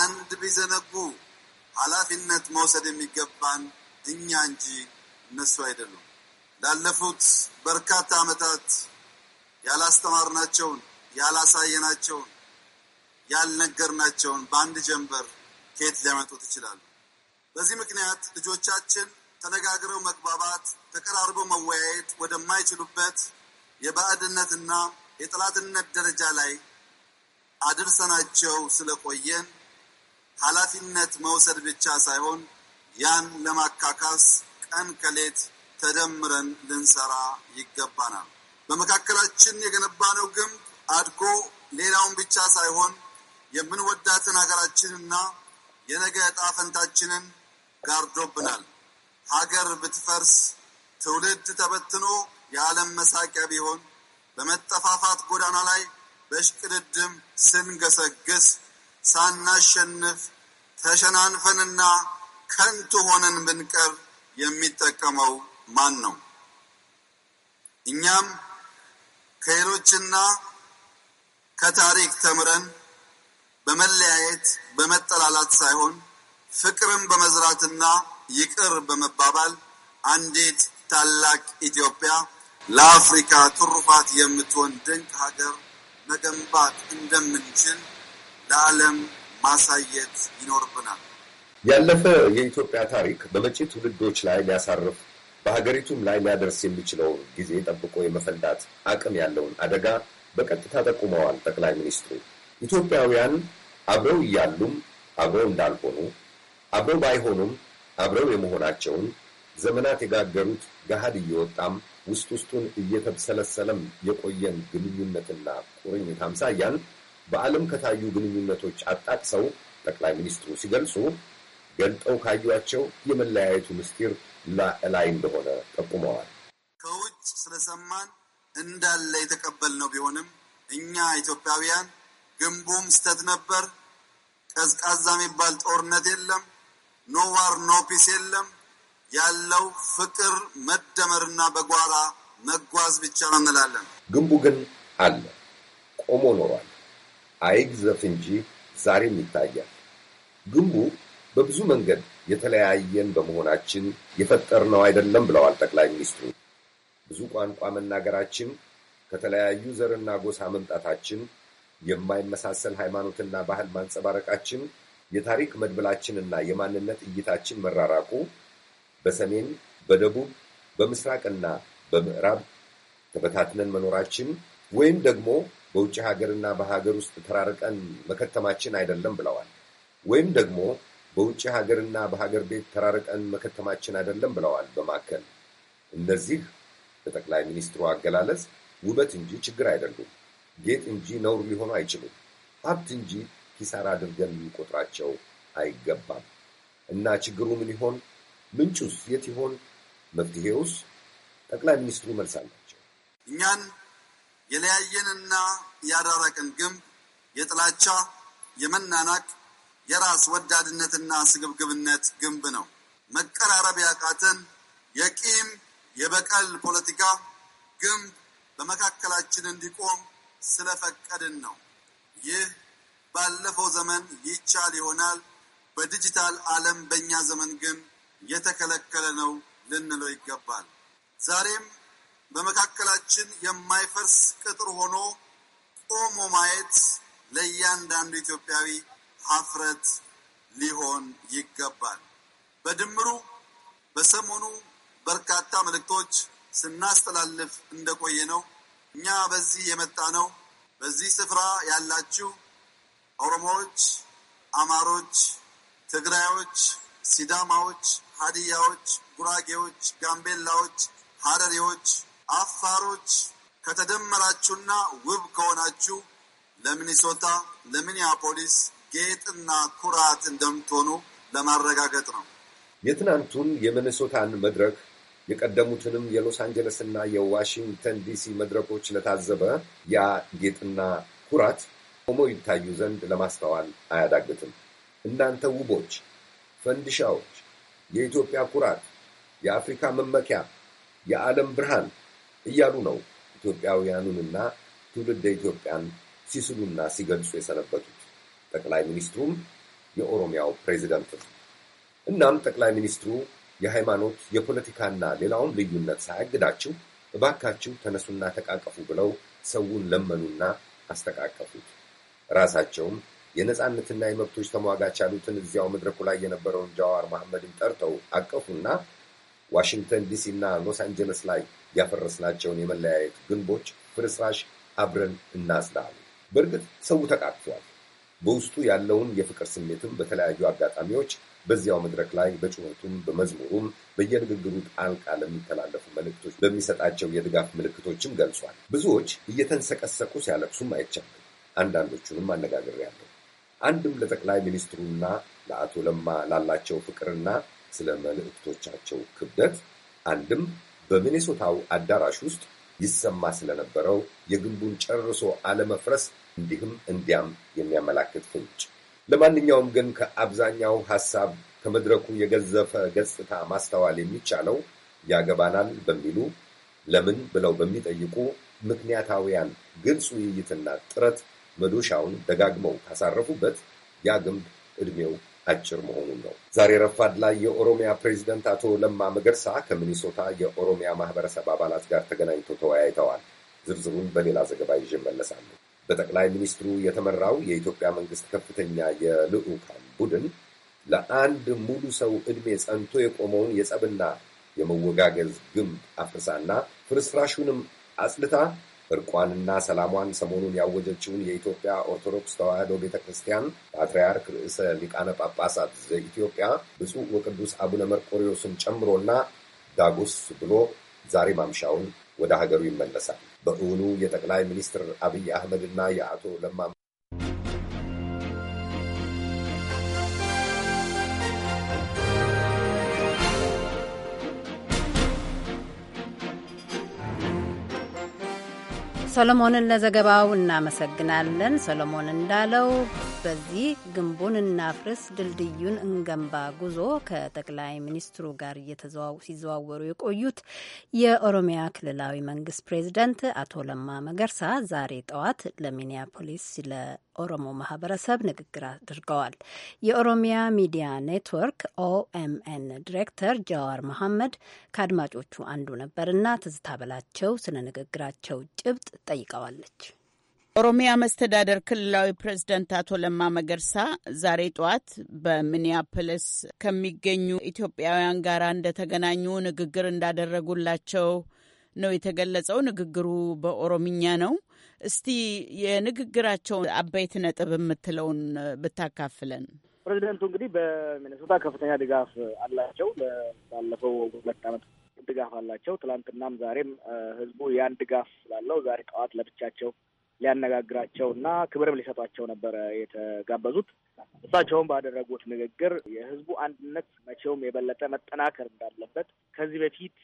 አንድ ቢዘነጉ ኃላፊነት መውሰድ የሚገባን እኛ እንጂ እነሱ አይደሉም። ላለፉት በርካታ ዓመታት ያላስተማርናቸውን፣ ያላሳየናቸውን፣ ያልነገርናቸውን በአንድ ጀንበር ከየት ሊያመጡት ይችላሉ? በዚህ ምክንያት ልጆቻችን ተነጋግረው መግባባት፣ ተቀራርበው መወያየት ወደማይችሉበት የባዕድነትና የጠላትነት ደረጃ ላይ አድርሰናቸው ስለቆየን ኃላፊነት መውሰድ ብቻ ሳይሆን ያን ለማካካስ ቀን ከሌት ተደምረን ልንሰራ ይገባናል። በመካከላችን የገነባነው ግንብ አድጎ ሌላውን ብቻ ሳይሆን የምንወዳትን ሀገራችንና የነገ ዕጣ ፈንታችንን ጋርዶብናል። ሀገር ብትፈርስ ትውልድ ተበትኖ የዓለም መሳቂያ ቢሆን በመጠፋፋት ጎዳና ላይ በሽቅድድም ስንገሰግስ ሳናሸንፍ ተሸናንፈንና ከንቱ ሆነን ብንቀር የሚጠቀመው ማን ነው? እኛም ከሌሎችና ከታሪክ ተምረን በመለያየት በመጠላላት ሳይሆን ፍቅርን በመዝራትና ይቅር በመባባል አንዲት ታላቅ ኢትዮጵያ ለአፍሪካ ትሩፋት የምትሆን ድንቅ ሀገር መገንባት እንደምንችል ለዓለም ማሳየት ይኖርብናል። ያለፈ የኢትዮጵያ ታሪክ በመጪ ትውልዶች ላይ ሊያሳርፍ በሀገሪቱም ላይ ሊያደርስ የሚችለውን ጊዜ ጠብቆ የመፈንዳት አቅም ያለውን አደጋ በቀጥታ ጠቁመዋል ጠቅላይ ሚኒስትሩ። ኢትዮጵያውያን አብረው እያሉም አብረው እንዳልሆኑ አብረው ባይሆኑም አብረው የመሆናቸውን ዘመናት የጋገሩት ገሃድ እየወጣም ውስጥ ውስጡን እየተብሰለሰለም የቆየን ግንኙነትና ቁርኝት አምሳያን በዓለም ከታዩ ግንኙነቶች አጣቅሰው ጠቅላይ ሚኒስትሩ ሲገልጹ ገልጠው ካዩቸው የመለያየቱ ምስጢር ላይ እንደሆነ ጠቁመዋል። ከውጭ ስለሰማን እንዳለ የተቀበልነው ቢሆንም እኛ ኢትዮጵያውያን ግንቡም ስተት ነበር፣ ቀዝቃዛ የሚባል ጦርነት የለም፣ ኖ ዋር ኖ ፒስ የለም፣ ያለው ፍቅር መደመርና በጓራ መጓዝ ብቻ ነው እንላለን። ግንቡ ግን አለ፣ ቆሞ ኖሯል። አይግ ዘፍ እንጂ ዛሬም ይታያል። ግንቡ በብዙ መንገድ የተለያየን በመሆናችን የፈጠርነው አይደለም ብለዋል ጠቅላይ ሚኒስትሩ። ብዙ ቋንቋ መናገራችን፣ ከተለያዩ ዘርና ጎሳ መምጣታችን፣ የማይመሳሰል ሃይማኖትና ባህል ማንጸባረቃችን፣ የታሪክ መድብላችንና የማንነት እይታችን መራራቁ በሰሜን በደቡብ በምስራቅና በምዕራብ ተበታትነን መኖራችን ወይም ደግሞ በውጭ ሀገርና በሀገር ውስጥ ተራርቀን መከተማችን አይደለም ብለዋል። ወይም ደግሞ በውጭ ሀገርና በሀገር ቤት ተራርቀን መከተማችን አይደለም ብለዋል በማከል እነዚህ በጠቅላይ ሚኒስትሩ አገላለጽ ውበት እንጂ ችግር አይደሉም፣ ጌጥ እንጂ ነውር ሊሆኑ አይችሉም፣ ሀብት እንጂ ኪሳራ አድርገን ልንቆጥራቸው አይገባም። እና ችግሩ ምን ይሆን? ምንጩስ የት ይሆን? መፍትሄውስ? ጠቅላይ ሚኒስትሩ መልስ አላቸው። እኛን የለያየንና ያራራቀን ግንብ የጥላቻ የመናናቅ የራስ ወዳድነትና ስግብግብነት ግንብ ነው። መቀራረብ ያቃተን የቂም የበቀል ፖለቲካ ግንብ በመካከላችን እንዲቆም ስለፈቀድን ነው። ይህ ባለፈው ዘመን ይቻል ይሆናል፣ በዲጂታል ዓለም በእኛ ዘመን ግን የተከለከለ ነው ልንለው ይገባል። ዛሬም በመካከላችን የማይፈርስ ቅጥር ሆኖ ቆሞ ማየት ለእያንዳንዱ ኢትዮጵያዊ ሀፍረት ሊሆን ይገባል። በድምሩ በሰሞኑ በርካታ መልእክቶች ስናስተላልፍ እንደቆየ ነው። እኛ በዚህ የመጣ ነው። በዚህ ስፍራ ያላችሁ ኦሮሞዎች፣ አማሮች፣ ትግራዮች፣ ሲዳማዎች፣ ሀዲያዎች፣ ጉራጌዎች፣ ጋምቤላዎች፣ ሀረሪዎች አፋሮች ከተደመራችሁና ውብ ከሆናችሁ ለሚኒሶታ፣ ለሚኒያፖሊስ ጌጥና ኩራት እንደምትሆኑ ለማረጋገጥ ነው። የትናንቱን የሚኒሶታን መድረክ የቀደሙትንም የሎስ አንጀለስና የዋሽንግተን ዲሲ መድረኮች ለታዘበ ያ ጌጥና ኩራት ቆሞ ይታዩ ዘንድ ለማስተዋል አያዳግትም። እናንተ ውቦች፣ ፈንዲሻዎች፣ የኢትዮጵያ ኩራት፣ የአፍሪካ መመኪያ፣ የዓለም ብርሃን እያሉ ነው ኢትዮጵያውያኑንና ትውልደ ኢትዮጵያን ሲስሉና ሲገልጹ የሰነበቱት ጠቅላይ ሚኒስትሩም የኦሮሚያው ፕሬዚደንት ነው። እናም ጠቅላይ ሚኒስትሩ የሃይማኖት የፖለቲካና ሌላውን ልዩነት ሳያግዳችሁ እባካችሁ ተነሱና ተቃቀፉ ብለው ሰውን ለመኑና አስተቃቀፉት። ራሳቸውም የነፃነትና የመብቶች ተሟጋች ያሉትን እዚያው መድረኩ ላይ የነበረውን ጃዋር መሐመድን ጠርተው አቀፉና ዋሽንግተን ዲሲ እና ሎስ አንጀለስ ላይ ያፈረስናቸውን የመለያየት ግንቦች ፍርስራሽ አብረን እናስዳሉ። በእርግጥ ሰው ተቃቅፏል። በውስጡ ያለውን የፍቅር ስሜትም በተለያዩ አጋጣሚዎች በዚያው መድረክ ላይ በጩኸቱም በመዝሙሩም በየንግግሩ ጣልቃ ለሚተላለፉ መልእክቶች በሚሰጣቸው የድጋፍ ምልክቶችም ገልጿል። ብዙዎች እየተንሰቀሰቁ ሲያለቅሱም አይቻልም። አንዳንዶቹንም አነጋግሬያለሁ። አንድም ለጠቅላይ ሚኒስትሩና ለአቶ ለማ ላላቸው ፍቅርና ስለ መልእክቶቻቸው ክብደት አንድም በሚኔሶታው አዳራሽ ውስጥ ይሰማ ስለነበረው የግንቡን ጨርሶ አለመፍረስ እንዲህም እንዲያም የሚያመላክት ፍንጭ። ለማንኛውም ግን ከአብዛኛው ሐሳብ ከመድረኩ የገዘፈ ገጽታ ማስተዋል የሚቻለው ያገባናል በሚሉ ለምን ብለው በሚጠይቁ ምክንያታዊያን ግልጽ ውይይትና ጥረት መዶሻውን ደጋግመው ካሳረፉበት ያ ግንብ ዕድሜው አጭር መሆኑን ነው። ዛሬ ረፋድ ላይ የኦሮሚያ ፕሬዚደንት አቶ ለማ መገርሳ ከሚኒሶታ የኦሮሚያ ማህበረሰብ አባላት ጋር ተገናኝተው ተወያይተዋል። ዝርዝሩን በሌላ ዘገባ ይዤ በጠቅላይ ሚኒስትሩ የተመራው የኢትዮጵያ መንግስት ከፍተኛ የልዑካን ቡድን ለአንድ ሙሉ ሰው ዕድሜ ጸንቶ የቆመውን የጸብና የመወጋገዝ ግንብ አፍርሳና ፍርስራሹንም አጽልታ እርቋንና ሰላሟን ሰሞኑን ያወጀችውን የኢትዮጵያ ኦርቶዶክስ ተዋሕዶ ቤተ ክርስቲያን ፓትርያርክ ርዕሰ ሊቃነ ጳጳሳት ዘኢትዮጵያ ብፁዕ ወቅዱስ አቡነ መርቆሪዎስን ጨምሮና ዳጎስ ብሎ ዛሬ ማምሻውን ወደ ሀገሩ ይመለሳል። በእውኑ የጠቅላይ ሚኒስትር አብይ አህመድና የአቶ ለማ ሰሎሞንን ለዘገባው እናመሰግናለን። ሰሎሞን እንዳለው በዚህ ግንቡን እናፍርስ ድልድዩን እንገንባ ጉዞ ከጠቅላይ ሚኒስትሩ ጋር ሲዘዋወሩ የቆዩት የኦሮሚያ ክልላዊ መንግስት ፕሬዚደንት አቶ ለማ መገርሳ ዛሬ ጠዋት ለሚኒያፖሊስ ለኦሮሞ ማህበረሰብ ንግግር አድርገዋል። የኦሮሚያ ሚዲያ ኔትወርክ ኦኤምኤን ዲሬክተር ጃዋር መሐመድ ከአድማጮቹ አንዱ ነበርና ትዝታ በላቸው ስለ ንግግራቸው ጭብጥ ጠይቀዋለች። ኦሮሚያ መስተዳደር ክልላዊ ፕሬዝደንት አቶ ለማ መገርሳ ዛሬ ጠዋት በሚኒያፖሊስ ከሚገኙ ኢትዮጵያውያን ጋር እንደተገናኙ ንግግር እንዳደረጉላቸው ነው የተገለጸው። ንግግሩ በኦሮምኛ ነው። እስቲ የንግግራቸውን አበይት ነጥብ የምትለውን ብታካፍለን። ፕሬዚደንቱ እንግዲህ በሚኒሶታ ከፍተኛ ድጋፍ አላቸው። ባለፈው ሁለት ዓመት ድጋፍ አላቸው። ትላንትናም ዛሬም ህዝቡ ያን ድጋፍ ስላለው ዛሬ ጠዋት ለብቻቸው ሊያነጋግራቸው እና ክብርም ሊሰጧቸው ነበረ የተጋበዙት። እሳቸውም ባደረጉት ንግግር የህዝቡ አንድነት መቼውም የበለጠ መጠናከር እንዳለበት ከዚህ በፊት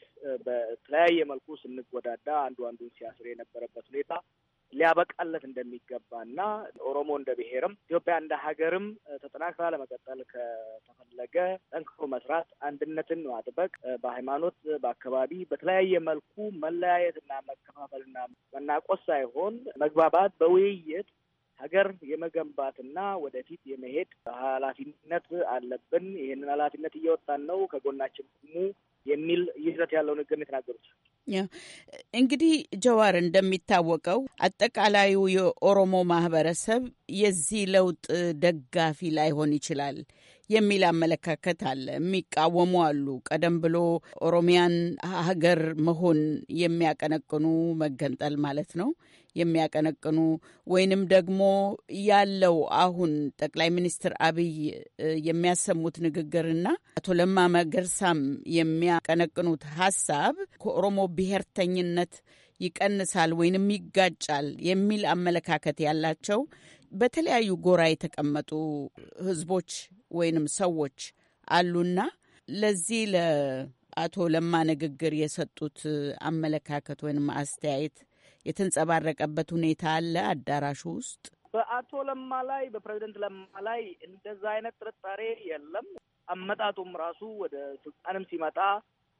በተለያየ መልኩ ስንጎዳዳ አንዱ አንዱን ሲያስር የነበረበት ሁኔታ ሊያበቃለት እንደሚገባ ና ኦሮሞ እንደ ብሔርም ኢትዮጵያ እንደ ሀገርም ተጠናክራ ለመቀጠል ከተፈለገ ጠንክሮ መስራት፣ አንድነትን ማጥበቅ፣ በሃይማኖት በአካባቢ በተለያየ መልኩ መለያየትና መከፋፈልና መናቆስ ሳይሆን መግባባት በውይይት ሀገር የመገንባትና ወደፊት የመሄድ ኃላፊነት አለብን። ይህንን ኃላፊነት እየወጣን ነው። ከጎናችን ቁሙ፣ የሚል ይዘት ያለው ንግግር የተናገሩት። እንግዲህ ጀዋር፣ እንደሚታወቀው አጠቃላዩ የኦሮሞ ማህበረሰብ የዚህ ለውጥ ደጋፊ ላይሆን ይችላል። የሚል አመለካከት አለ። የሚቃወሙ አሉ። ቀደም ብሎ ኦሮሚያን ሀገር መሆን የሚያቀነቅኑ መገንጠል ማለት ነው የሚያቀነቅኑ ወይንም ደግሞ ያለው አሁን ጠቅላይ ሚኒስትር አብይ የሚያሰሙት ንግግርና አቶ ለማ መገርሳም የሚያቀነቅኑት ሀሳብ ከኦሮሞ ብሔርተኝነት ይቀንሳል ወይንም ይጋጫል የሚል አመለካከት ያላቸው በተለያዩ ጎራ የተቀመጡ ህዝቦች ወይንም ሰዎች አሉና ለዚህ ለአቶ ለማ ንግግር የሰጡት አመለካከት ወይንም አስተያየት የተንጸባረቀበት ሁኔታ አለ አዳራሹ ውስጥ። በአቶ ለማ ላይ በፕሬዚደንት ለማ ላይ እንደዛ አይነት ጥርጣሬ የለም። አመጣጡም ራሱ ወደ ስልጣንም ሲመጣ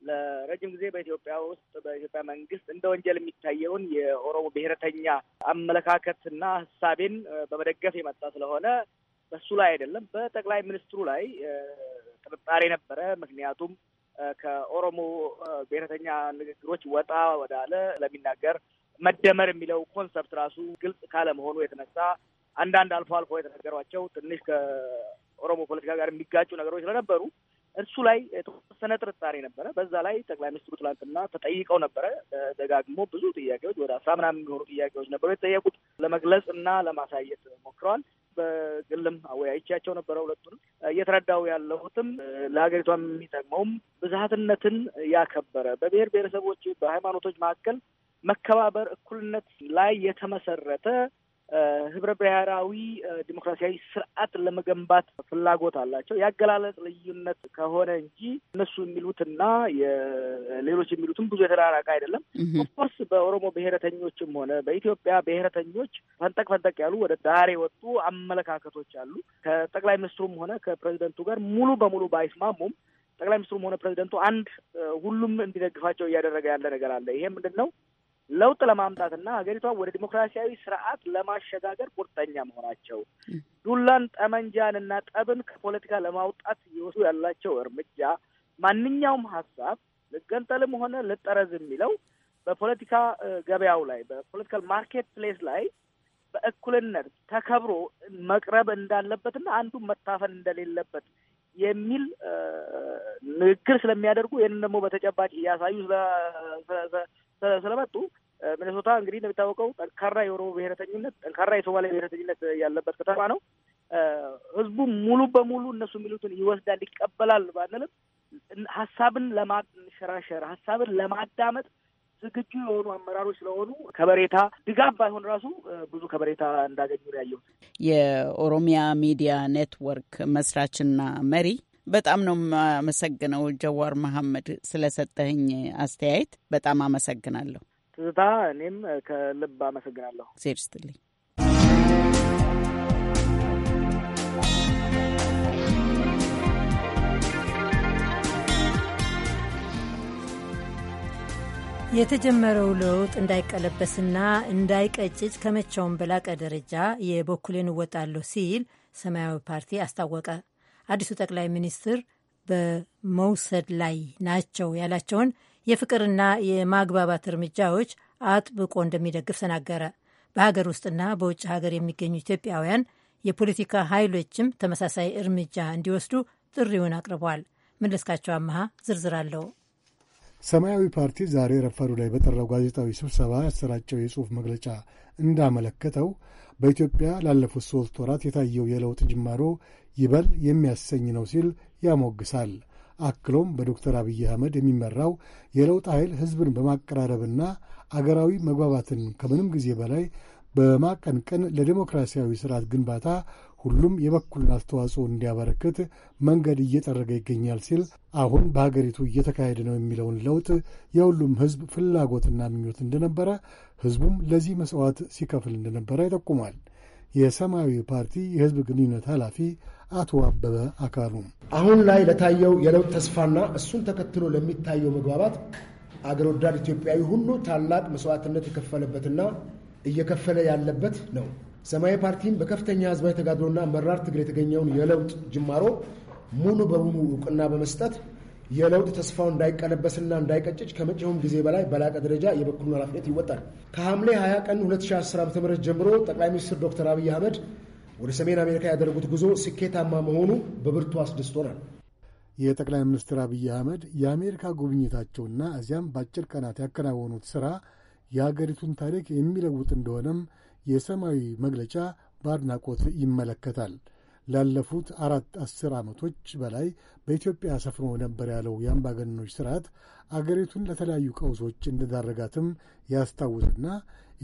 ለረጅም ጊዜ በኢትዮጵያ ውስጥ በኢትዮጵያ መንግስት እንደ ወንጀል የሚታየውን የኦሮሞ ብሔረተኛ አመለካከትና ህሳቤን በመደገፍ የመጣ ስለሆነ በሱ ላይ አይደለም በጠቅላይ ሚኒስትሩ ላይ ጥርጣሬ ነበረ። ምክንያቱም ከኦሮሞ ብሔረተኛ ንግግሮች ወጣ ወዳለ ለሚናገር መደመር የሚለው ኮንሰፕት ራሱ ግልጽ ካለመሆኑ የተነሳ አንዳንድ አልፎ አልፎ የተነገሯቸው ትንሽ ከኦሮሞ ፖለቲካ ጋር የሚጋጩ ነገሮች ስለነበሩ እሱ ላይ የተወሰነ ጥርጣሬ ነበረ። በዛ ላይ ጠቅላይ ሚኒስትሩ ትላንትና ተጠይቀው ነበረ ደጋግሞ ብዙ ጥያቄዎች ወደ አስራ ምናምን የሚሆኑ ጥያቄዎች ነበሩ የተጠየቁት ለመግለጽ እና ለማሳየት ሞክረዋል። በግልም አወያይቻቸው ነበረ ሁለቱንም። እየተረዳው ያለሁትም ለሀገሪቷ የሚጠቅመውም ብዝሃትነትን ያከበረ በብሔር ብሔረሰቦች፣ በሃይማኖቶች መካከል መከባበር፣ እኩልነት ላይ የተመሰረተ ህብረ ብሔራዊ ዲሞክራሲያዊ ስርዓት ለመገንባት ፍላጎት አላቸው። የአገላለጽ ልዩነት ከሆነ እንጂ እነሱ የሚሉትና ሌሎች የሚሉትም ብዙ የተራራቀ አይደለም። ኦፍኮርስ በኦሮሞ ብሔረተኞችም ሆነ በኢትዮጵያ ብሔረተኞች ፈንጠቅ ፈንጠቅ ያሉ ወደ ዳር የወጡ አመለካከቶች አሉ። ከጠቅላይ ሚኒስትሩም ሆነ ከፕሬዚደንቱ ጋር ሙሉ በሙሉ ባይስማሙም ጠቅላይ ሚኒስትሩም ሆነ ፕሬዚደንቱ አንድ ሁሉም እንዲደግፋቸው እያደረገ ያለ ነገር አለ። ይሄ ምንድን ነው? ለውጥ ለማምጣትና ሀገሪቷን ወደ ዲሞክራሲያዊ ስርዓት ለማሸጋገር ቁርጠኛ መሆናቸው፣ ዱላን ጠመንጃንና ጠብን ከፖለቲካ ለማውጣት ይወስዱ ያላቸው እርምጃ ማንኛውም ሀሳብ ልገንጠልም ሆነ ልጠረዝ የሚለው በፖለቲካ ገበያው ላይ በፖለቲካል ማርኬት ፕሌስ ላይ በእኩልነት ተከብሮ መቅረብ እንዳለበትና አንዱ መታፈን እንደሌለበት የሚል ንግግር ስለሚያደርጉ ይህንን ደግሞ በተጨባጭ እያሳዩ ስለመጡ ሚኔሶታ እንግዲህ እንደሚታወቀው ጠንካራ የኦሮሞ ብሔረተኝነት፣ ጠንካራ የሶማሌ ብሔረተኝነት ያለበት ከተማ ነው። ህዝቡ ሙሉ በሙሉ እነሱ የሚሉትን ይወስዳል፣ ይቀበላል ባንልም ሀሳብን ለማሸራሸር ሀሳብን ለማዳመጥ ዝግጁ የሆኑ አመራሮች ስለሆኑ ከበሬታ ድጋፍ ባይሆን ራሱ ብዙ ከበሬታ እንዳገኙ ያየሁት የኦሮሚያ ሚዲያ ኔትወርክ መስራችና መሪ በጣም ነው የማመሰግነው ጀዋር መሐመድ ስለሰጠህኝ አስተያየት በጣም አመሰግናለሁ። ትዝታ፣ እኔም ከልብ አመሰግናለሁ። እግዜር ይስጥልኝ። የተጀመረው ለውጥ እንዳይቀለበስና እንዳይቀጭጭ ከመቼውም በላቀ ደረጃ የበኩሌን እወጣለሁ ሲል ሰማያዊ ፓርቲ አስታወቀ። አዲሱ ጠቅላይ ሚኒስትር በመውሰድ ላይ ናቸው ያላቸውን የፍቅርና የማግባባት እርምጃዎች አጥብቆ እንደሚደግፍ ተናገረ። በሀገር ውስጥና በውጭ ሀገር የሚገኙ ኢትዮጵያውያን የፖለቲካ ኃይሎችም ተመሳሳይ እርምጃ እንዲወስዱ ጥሪውን አቅርበዋል። መለስካቸው አመሃ ዝርዝር አለው። ሰማያዊ ፓርቲ ዛሬ ረፈሩ ላይ በጠራው ጋዜጣዊ ስብሰባ ያሰራጨው የጽሑፍ መግለጫ እንዳመለከተው በኢትዮጵያ ላለፉት ሶስት ወራት የታየው የለውጥ ጅማሮ ይበል የሚያሰኝ ነው ሲል ያሞግሳል። አክሎም በዶክተር አብይ አህመድ የሚመራው የለውጥ ኃይል ሕዝብን በማቀራረብና አገራዊ መግባባትን ከምንም ጊዜ በላይ በማቀንቀን ለዴሞክራሲያዊ ስርዓት ግንባታ ሁሉም የበኩሉን አስተዋጽኦ እንዲያበረክት መንገድ እየጠረገ ይገኛል ሲል አሁን በሀገሪቱ እየተካሄደ ነው የሚለውን ለውጥ የሁሉም ሕዝብ ፍላጎትና ምኞት እንደነበረ፣ ሕዝቡም ለዚህ መስዋዕት ሲከፍል እንደነበረ ይጠቁማል። የሰማያዊ ፓርቲ የሕዝብ ግንኙነት ኃላፊ አቶ አበበ አካሉ አሁን ላይ ለታየው የለውጥ ተስፋና እሱን ተከትሎ ለሚታየው መግባባት አገር ወዳድ ኢትዮጵያዊ ሁሉ ታላቅ መስዋዕትነት የከፈለበትና እየከፈለ ያለበት ነው። ሰማያዊ ፓርቲም በከፍተኛ ህዝባዊ ተጋድሎና መራር ትግል የተገኘውን የለውጥ ጅማሮ ሙሉ በሙሉ እውቅና በመስጠት የለውጥ ተስፋው እንዳይቀለበስና እንዳይቀጭጭ ከመጪውም ጊዜ በላይ በላቀ ደረጃ የበኩሉን ኃላፊነት ይወጣል። ከሐምሌ 20 ቀን 2010 ዓ ም ጀምሮ ጠቅላይ ሚኒስትር ዶክተር አብይ አህመድ ወደ ሰሜን አሜሪካ ያደረጉት ጉዞ ስኬታማ መሆኑ በብርቱ አስደስቶናል። የጠቅላይ ሚኒስትር አብይ አህመድ የአሜሪካ ጉብኝታቸውና እዚያም በአጭር ቀናት ያከናወኑት ሥራ የአገሪቱን ታሪክ የሚለውጥ እንደሆነም የሰማያዊ መግለጫ በአድናቆት ይመለከታል። ላለፉት አራት አስር ዓመቶች በላይ በኢትዮጵያ ሰፍኖ ነበር ያለው የአምባገነኖች ስርዓት አገሪቱን ለተለያዩ ቀውሶች እንደዳረጋትም ያስታውስና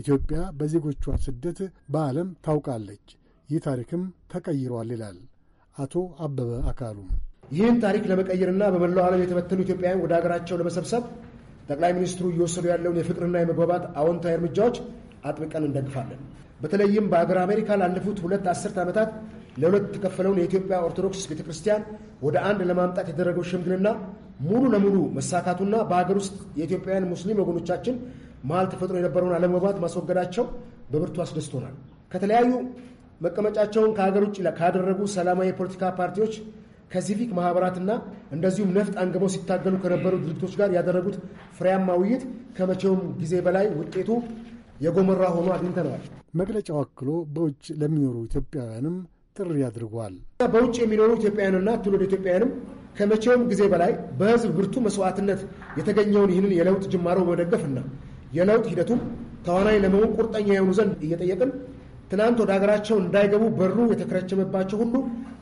ኢትዮጵያ በዜጎቿ ስደት በዓለም ታውቃለች፣ ይህ ታሪክም ተቀይሯል ይላል አቶ አበበ አካሉ። ይህን ታሪክ ለመቀየርና በመላው ዓለም የተበተኑ ኢትዮጵያውያን ወደ አገራቸው ለመሰብሰብ ጠቅላይ ሚኒስትሩ እየወሰዱ ያለውን የፍቅርና የመግባባት አዎንታዊ እርምጃዎች አጥብቀን እንደግፋለን። በተለይም በአገር አሜሪካ ላለፉት ሁለት አስርት ዓመታት ለሁለት የተከፈለውን የኢትዮጵያ ኦርቶዶክስ ቤተ ክርስቲያን ወደ አንድ ለማምጣት የተደረገው ሽምግልና ሙሉ ለሙሉ መሳካቱና በሀገር ውስጥ የኢትዮጵያውያን ሙስሊም ወገኖቻችን መሀል ተፈጥሮ የነበረውን አለመግባባት ማስወገዳቸው በብርቱ አስደስቶናል። ከተለያዩ መቀመጫቸውን ከሀገር ውጭ ካደረጉ ሰላማዊ የፖለቲካ ፓርቲዎች ከሲቪክ ማህበራትና እንደዚሁም ነፍጥ አንግበው ሲታገሉ ከነበሩ ድርጅቶች ጋር ያደረጉት ፍሬያማ ውይይት ከመቼውም ጊዜ በላይ ውጤቱ የጎመራ ሆኖ አግኝተነዋል። መግለጫው አክሎ በውጭ ለሚኖሩ ኢትዮጵያውያንም ጥሪ አድርጓል። በውጭ የሚኖሩ ኢትዮጵያውያንና ትውልደ ኢትዮጵያውያንም ከመቼውም ጊዜ በላይ በህዝብ ብርቱ መስዋዕትነት የተገኘውን ይህንን የለውጥ ጅማሮ በመደገፍና የለውጥ ሂደቱም ተዋናይ ለመሆን ቁርጠኛ የሆኑ ዘንድ እየጠየቅን ትናንት ወደ ሀገራቸው እንዳይገቡ በሩ የተከረቸመባቸው ሁሉ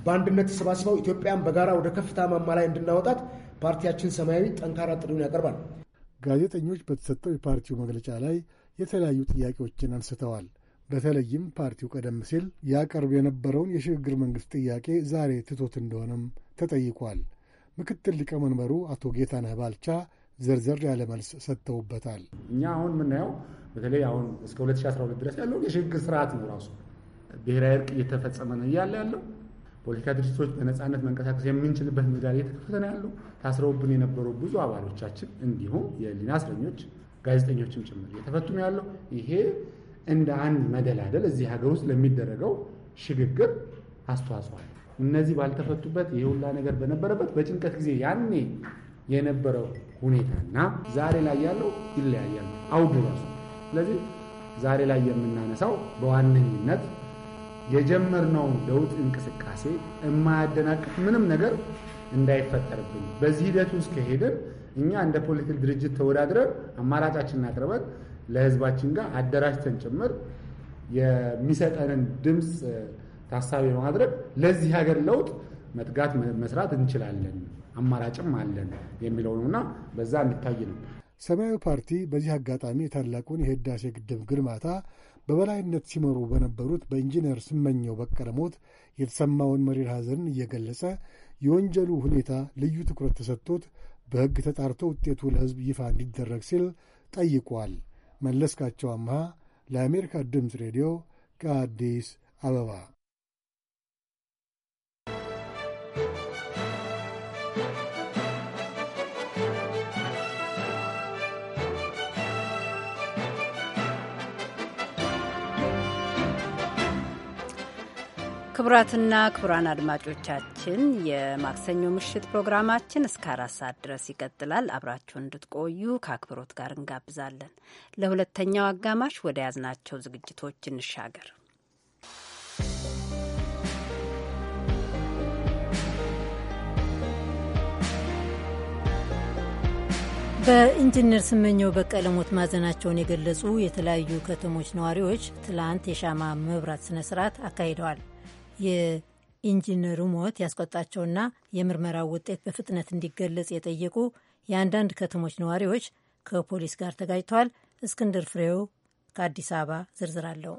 በአንድነት ተሰባስበው ኢትዮጵያን በጋራ ወደ ከፍታ ማማ ላይ እንድናወጣት ፓርቲያችን ሰማያዊ ጠንካራ ጥሪውን ያቀርባል። ጋዜጠኞች በተሰጠው የፓርቲው መግለጫ ላይ የተለያዩ ጥያቄዎችን አንስተዋል። በተለይም ፓርቲው ቀደም ሲል ያቀርብ የነበረውን የሽግግር መንግሥት ጥያቄ ዛሬ ትቶት እንደሆነም ተጠይቋል። ምክትል ሊቀመንበሩ አቶ ጌታነህ ባልቻ ዘርዘር ያለ መልስ ሰጥተውበታል። እኛ አሁን የምናየው በተለይ አሁን እስከ 2012 ድረስ ያለውን የሽግግር ስርዓት ነው። ራሱ ብሔራዊ እርቅ እየተፈጸመ ነው እያለ ያለው ፖለቲካ ድርጅቶች በነፃነት መንቀሳቀስ የምንችልበት ምህዳር እየተከፈተ ነው ያለው። ታስረውብን የነበሩ ብዙ አባሎቻችን እንዲሁም የሕሊና እስረኞች ጋዜጠኞችም ጭምር እየተፈቱ ነው ያለው። ይሄ እንደ አንድ መደላደል እዚህ ሀገር ውስጥ ለሚደረገው ሽግግር አስተዋጽኦ አለ። እነዚህ ባልተፈቱበት ይሄ ሁላ ነገር በነበረበት በጭንቀት ጊዜ ያኔ የነበረው ሁኔታና ዛሬ ላይ ያለው ይለያያል አውድ ራሱ። ስለዚህ ዛሬ ላይ የምናነሳው በዋነኝነት የጀመርነው ለውጥ እንቅስቃሴ የማያደናቅፍ ምንም ነገር እንዳይፈጠርብን በዚህ ሂደት ውስጥ ከሄድን እኛ እንደ ፖለቲክ ድርጅት ተወዳድረን አማራጫችንን አቅርበን ለህዝባችን ጋር አደራጅተን ጭምር የሚሰጠንን ድምፅ ታሳቢ በማድረግ ለዚህ ሀገር ለውጥ መትጋት መስራት እንችላለን፣ አማራጭም አለን የሚለው ነውና በዛ እንድታይ ነው። ሰማያዊ ፓርቲ በዚህ አጋጣሚ የታላቁን የህዳሴ ግድብ ግንባታ በበላይነት ሲመሩ በነበሩት በኢንጂነር ስመኘው በቀለ ሞት የተሰማውን መሪር ሐዘን እየገለጸ የወንጀሉ ሁኔታ ልዩ ትኩረት ተሰጥቶት በሕግ ተጣርቶ ውጤቱ ለሕዝብ ይፋ እንዲደረግ ሲል ጠይቋል። መለስካቸው አምሃ ለአሜሪካ ድምፅ ሬዲዮ ከአዲስ አበባ ክቡራትና ክቡራን አድማጮቻችን የማክሰኞ ምሽት ፕሮግራማችን እስከ አራት ሰዓት ድረስ ይቀጥላል። አብራችሁን እንድትቆዩ ከአክብሮት ጋር እንጋብዛለን። ለሁለተኛው አጋማሽ ወደ ያዝናቸው ዝግጅቶች እንሻገር። በኢንጂነር ስመኘው በቀለ ሞት ማዘናቸውን የገለጹ የተለያዩ ከተሞች ነዋሪዎች ትላንት የሻማ መብራት ስነ ስርዓት አካሂደዋል። የኢንጂነሩ ሞት ያስቆጣቸውና የምርመራው ውጤት በፍጥነት እንዲገለጽ የጠየቁ የአንዳንድ ከተሞች ነዋሪዎች ከፖሊስ ጋር ተጋጭተዋል። እስክንድር ፍሬው ከአዲስ አበባ ዝርዝር አለው።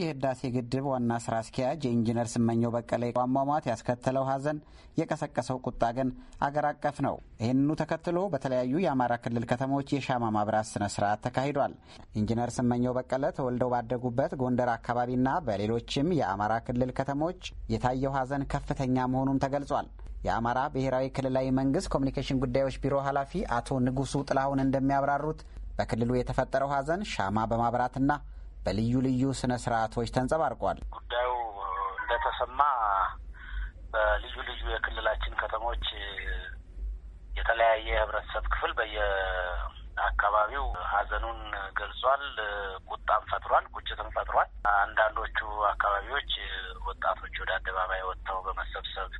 የህዳሴ ግድብ ዋና ስራ አስኪያጅ የኢንጂነር ስመኘው በቀለ አሟሟት ያስከተለው ሀዘን የቀሰቀሰው ቁጣ ግን አገር አቀፍ ነው። ይህንኑ ተከትሎ በተለያዩ የአማራ ክልል ከተሞች የሻማ ማብራት ስነ ስርዓት ተካሂዷል። ኢንጂነር ስመኘው በቀለ ተወልደው ባደጉበት ጎንደር አካባቢና በሌሎችም የአማራ ክልል ከተሞች የታየው ሀዘን ከፍተኛ መሆኑም ተገልጿል። የአማራ ብሔራዊ ክልላዊ መንግስት ኮሚኒኬሽን ጉዳዮች ቢሮ ኃላፊ አቶ ንጉሱ ጥላሁን እንደሚያብራሩት በክልሉ የተፈጠረው ሀዘን ሻማ በማብራትና በልዩ ልዩ ስነ ስርዓቶች ተንጸባርቋል። ጉዳዩ እንደተሰማ በልዩ ልዩ የክልላችን ከተሞች የተለያየ ህብረተሰብ ክፍል በየአካባቢው ሀዘኑን ገልጿል። ቁጣም ፈጥሯል፣ ቁጭትም ፈጥሯል። አንዳንዶቹ አካባቢዎች ወጣቶች ወደ አደባባይ ወጥተው በመሰብሰብ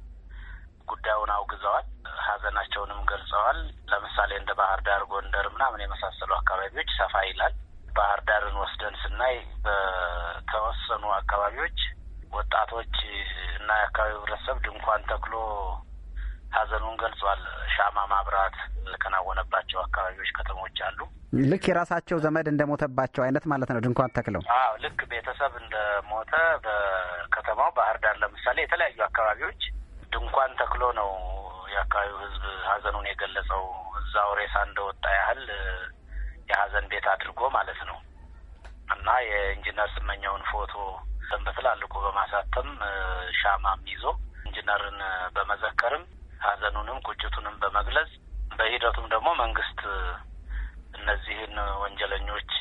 ጉዳዩን አውግዘዋል፣ ሀዘናቸውንም ገልጸዋል። ለምሳሌ እንደ ባህር ዳር፣ ጎንደር ምናምን የመሳሰሉ አካባቢዎች ሰፋ ይላል። ባህር ዳርን ወስደን ስናይ በተወሰኑ አካባቢዎች ወጣቶች እና የአካባቢው ህብረተሰብ ድንኳን ተክሎ ሀዘኑን ገልጿል። ሻማ ማብራት የተከናወነባቸው አካባቢዎች፣ ከተሞች አሉ። ልክ የራሳቸው ዘመድ እንደሞተባቸው አይነት ማለት ነው። ድንኳን ተክለው አዎ፣ ልክ ቤተሰብ እንደሞተ በከተማው ባህር ዳር ለምሳሌ የተለያዩ አካባቢዎች ድንኳን ተክሎ ነው የአካባቢው ህዝብ ሀዘኑን የገለጸው። እዛው ሬሳ እንደወጣ ያህል ኢሚቴት አድርጎ ማለት ነው እና የኢንጂነር ስመኛውን ፎቶ በትላልቁ በማሳተም ሻማም ይዞ ኢንጂነርን በመዘከርም ሀዘኑንም ቁጭቱንም በመግለጽ በሂደቱም ደግሞ መንግስት እነዚህን ወንጀለኞች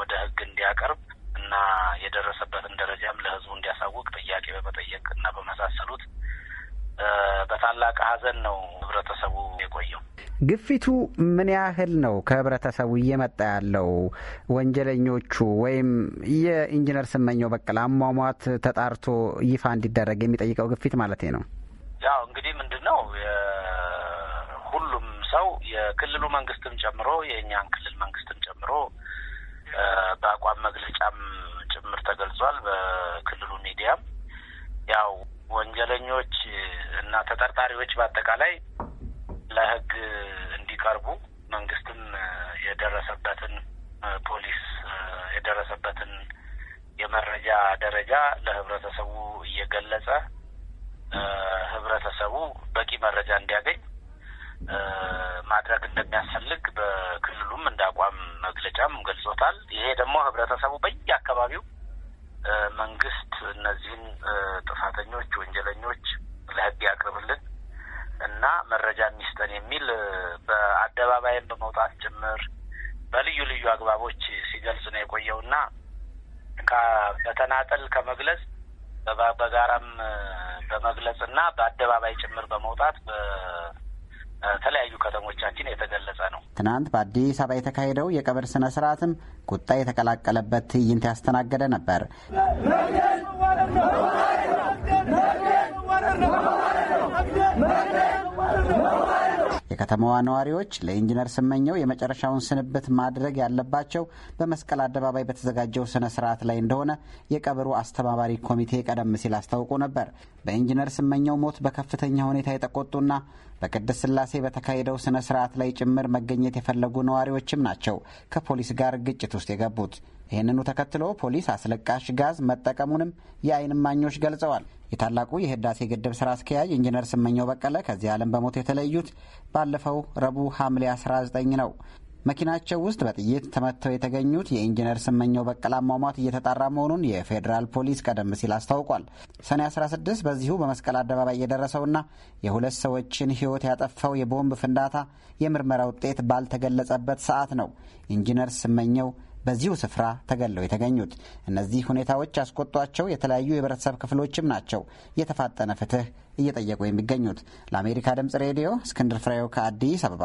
ወደ ህግ እንዲያቀርብ እና የደረሰበትን ደረጃም ለህዝቡ እንዲያሳውቅ ጥያቄ በመጠየቅ እና በመሳሰሉት በታላቅ ሀዘን ነው ህብረተሰቡ ግፊቱ ምን ያህል ነው? ከህብረተሰቡ እየመጣ ያለው ወንጀለኞቹ ወይም የኢንጂነር ስመኘው በቀለ አሟሟት ተጣርቶ ይፋ እንዲደረግ የሚጠይቀው ግፊት ማለት ነው። ያው እንግዲህ ምንድን ነው ሁሉም ሰው የክልሉ መንግስትም ጨምሮ የእኛን ክልል መንግስትም ጨምሮ በአቋም መግለጫም ጭምር ተገልጿል። በክልሉ ሚዲያም ያው ወንጀለኞች እና ተጠርጣሪዎች በአጠቃላይ ለህግ እንዲቀርቡ መንግስትም የደረሰበትን ፖሊስ የደረሰበትን የመረጃ ደረጃ ለህብረተሰቡ እየገለጸ ህብረተሰቡ በቂ መረጃ እንዲያገኝ ማድረግ እንደሚያስፈልግ በክልሉም እንደ አቋም መግለጫም ገልጾታል። ይሄ ደግሞ ህብረተሰቡ በየአካባቢው መንግስት እነዚህን ጥፋተኞች፣ ወንጀለኞች ለህግ ያቅርብልን እና መረጃ ሚስጠን የሚል በአደባባይም በመውጣት ጭምር በልዩ ልዩ አግባቦች ሲገልጽ ነው የቆየው እና በተናጠል ከመግለጽ በጋራም በመግለጽ እና በአደባባይ ጭምር በመውጣት በተለያዩ ከተሞቻችን የተገለጸ ነው። ትናንት በአዲስ አበባ የተካሄደው የቀብር ስነ ስርዓትም ቁጣ የተቀላቀለበት ትዕይንት ያስተናገደ ነበር። የከተማዋ ነዋሪዎች ለኢንጂነር ስመኘው የመጨረሻውን ስንብት ማድረግ ያለባቸው በመስቀል አደባባይ በተዘጋጀው ስነ ስርዓት ላይ እንደሆነ የቀብሩ አስተባባሪ ኮሚቴ ቀደም ሲል አስታውቆ ነበር። በኢንጂነር ስመኘው ሞት በከፍተኛ ሁኔታ የተቆጡና በቅድስት ስላሴ በተካሄደው ስነ ስርዓት ላይ ጭምር መገኘት የፈለጉ ነዋሪዎችም ናቸው ከፖሊስ ጋር ግጭት ውስጥ የገቡት። ይህንኑ ተከትሎ ፖሊስ አስለቃሽ ጋዝ መጠቀሙንም የአይን እማኞች ገልጸዋል። የታላቁ የህዳሴ ግድብ ስራ አስኪያጅ ኢንጂነር ስመኘው በቀለ ከዚህ ዓለም በሞት የተለዩት ባለፈው ረቡዕ ሐምሌ 19 ነው። መኪናቸው ውስጥ በጥይት ተመትተው የተገኙት የኢንጂነር ስመኘው በቀለ አሟሟት እየተጣራ መሆኑን የፌዴራል ፖሊስ ቀደም ሲል አስታውቋል። ሰኔ 16 በዚሁ በመስቀል አደባባይ የደረሰውና የሁለት ሰዎችን ሕይወት ያጠፋው የቦምብ ፍንዳታ የምርመራ ውጤት ባልተገለጸበት ሰዓት ነው ኢንጂነር ስመኘው በዚሁ ስፍራ ተገለው የተገኙት። እነዚህ ሁኔታዎች ያስቆጧቸው የተለያዩ የህብረተሰብ ክፍሎችም ናቸው የተፋጠነ ፍትህ እየጠየቁ የሚገኙት። ለአሜሪካ ድምጽ ሬዲዮ እስክንድር ፍሬው ከአዲስ አበባ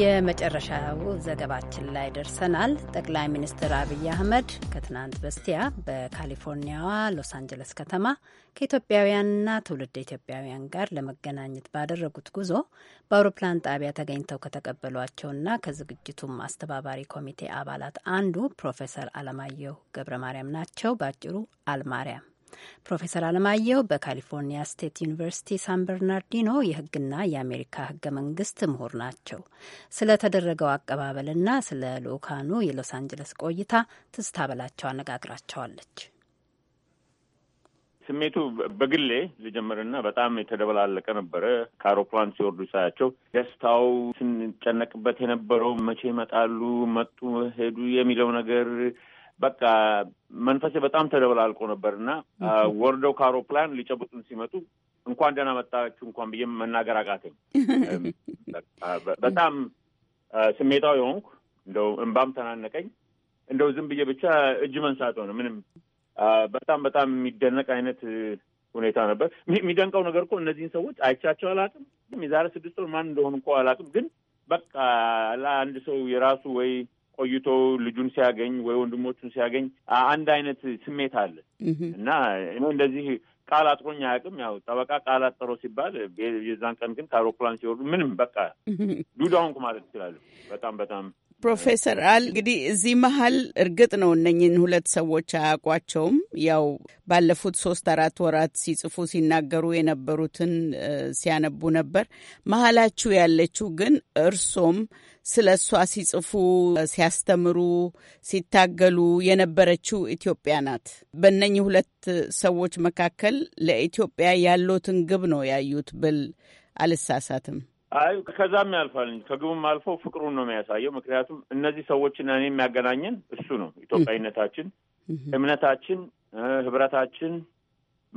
የመጨረሻው ዘገባችን ላይ ደርሰናል። ጠቅላይ ሚኒስትር አብይ አህመድ ከትናንት በስቲያ በካሊፎርኒያዋ ሎስ አንጀለስ ከተማ ከኢትዮጵያውያንና ትውልድ ኢትዮጵያውያን ጋር ለመገናኘት ባደረጉት ጉዞ በአውሮፕላን ጣቢያ ተገኝተው ከተቀበሏቸውና ከዝግጅቱም አስተባባሪ ኮሚቴ አባላት አንዱ ፕሮፌሰር አለማየሁ ገብረ ማርያም ናቸው። በአጭሩ አልማርያም ፕሮፌሰር አለማየሁ በካሊፎርኒያ ስቴት ዩኒቨርሲቲ ሳን በርናርዲኖ የህግና የአሜሪካ ህገ መንግስት ምሁር ናቸው። ስለተደረገው አቀባበልና ስለ ልኡካኑ የሎስ አንጀለስ ቆይታ ትዝታ በላቸው አነጋግራቸዋለች። ስሜቱ በግሌ ልጀምርና በጣም የተደበላለቀ ነበረ። ከአውሮፕላን ሲወርዱ ሳያቸው ደስታው፣ ስንጨነቅበት የነበረው መቼ ይመጣሉ፣ መጡ፣ ሄዱ የሚለው ነገር በቃ መንፈሴ በጣም ተደበላልቆ ነበር እና ወርደው ከአውሮፕላን ሊጨብጡን ሲመጡ እንኳን ደህና መጣችሁ እንኳን ብዬ መናገር አቃተኝ። በጣም ስሜታዊ ሆንኩ። እንደው እንባም ተናነቀኝ። እንደው ዝም ብዬ ብቻ እጅ መንሳት ሆነ። ምንም በጣም በጣም የሚደነቅ አይነት ሁኔታ ነበር። የሚደንቀው ነገር እኮ እነዚህን ሰዎች አይቻቸው አላውቅም። የዛሬ ስድስት ወር ማን እንደሆኑ እኮ አላውቅም። ግን በቃ ለአንድ ሰው የራሱ ወይ ቆይቶ ልጁን ሲያገኝ ወይ ወንድሞቹን ሲያገኝ አንድ አይነት ስሜት አለ እና እኔ እንደዚህ ቃል አጥሮኝ አያውቅም። ያው ጠበቃ ቃል አጠሮ ሲባል የዛን ቀን ግን ከአውሮፕላን ሲወርዱ ምንም በቃ ዱዳውንኩ ማለት ይችላሉ። በጣም በጣም ፕሮፌሰር አል እንግዲህ እዚህ መሀል እርግጥ ነው እነኝን ሁለት ሰዎች አያውቋቸውም። ያው ባለፉት ሶስት አራት ወራት ሲጽፉ ሲናገሩ የነበሩትን ሲያነቡ ነበር። መሀላችሁ ያለችው ግን እርሶም ስለ እሷ ሲጽፉ ሲያስተምሩ ሲታገሉ የነበረችው ኢትዮጵያ ናት። በእነኚህ ሁለት ሰዎች መካከል ለኢትዮጵያ ያለትን ግብ ነው ያዩት ብል አልሳሳትም። አይ ከዛም ያልፋል እንጂ ከግቡም አልፎ ፍቅሩን ነው የሚያሳየው። ምክንያቱም እነዚህ ሰዎችና እኔ የሚያገናኘን እሱ ነው። ኢትዮጵያዊነታችን፣ እምነታችን፣ ህብረታችን፣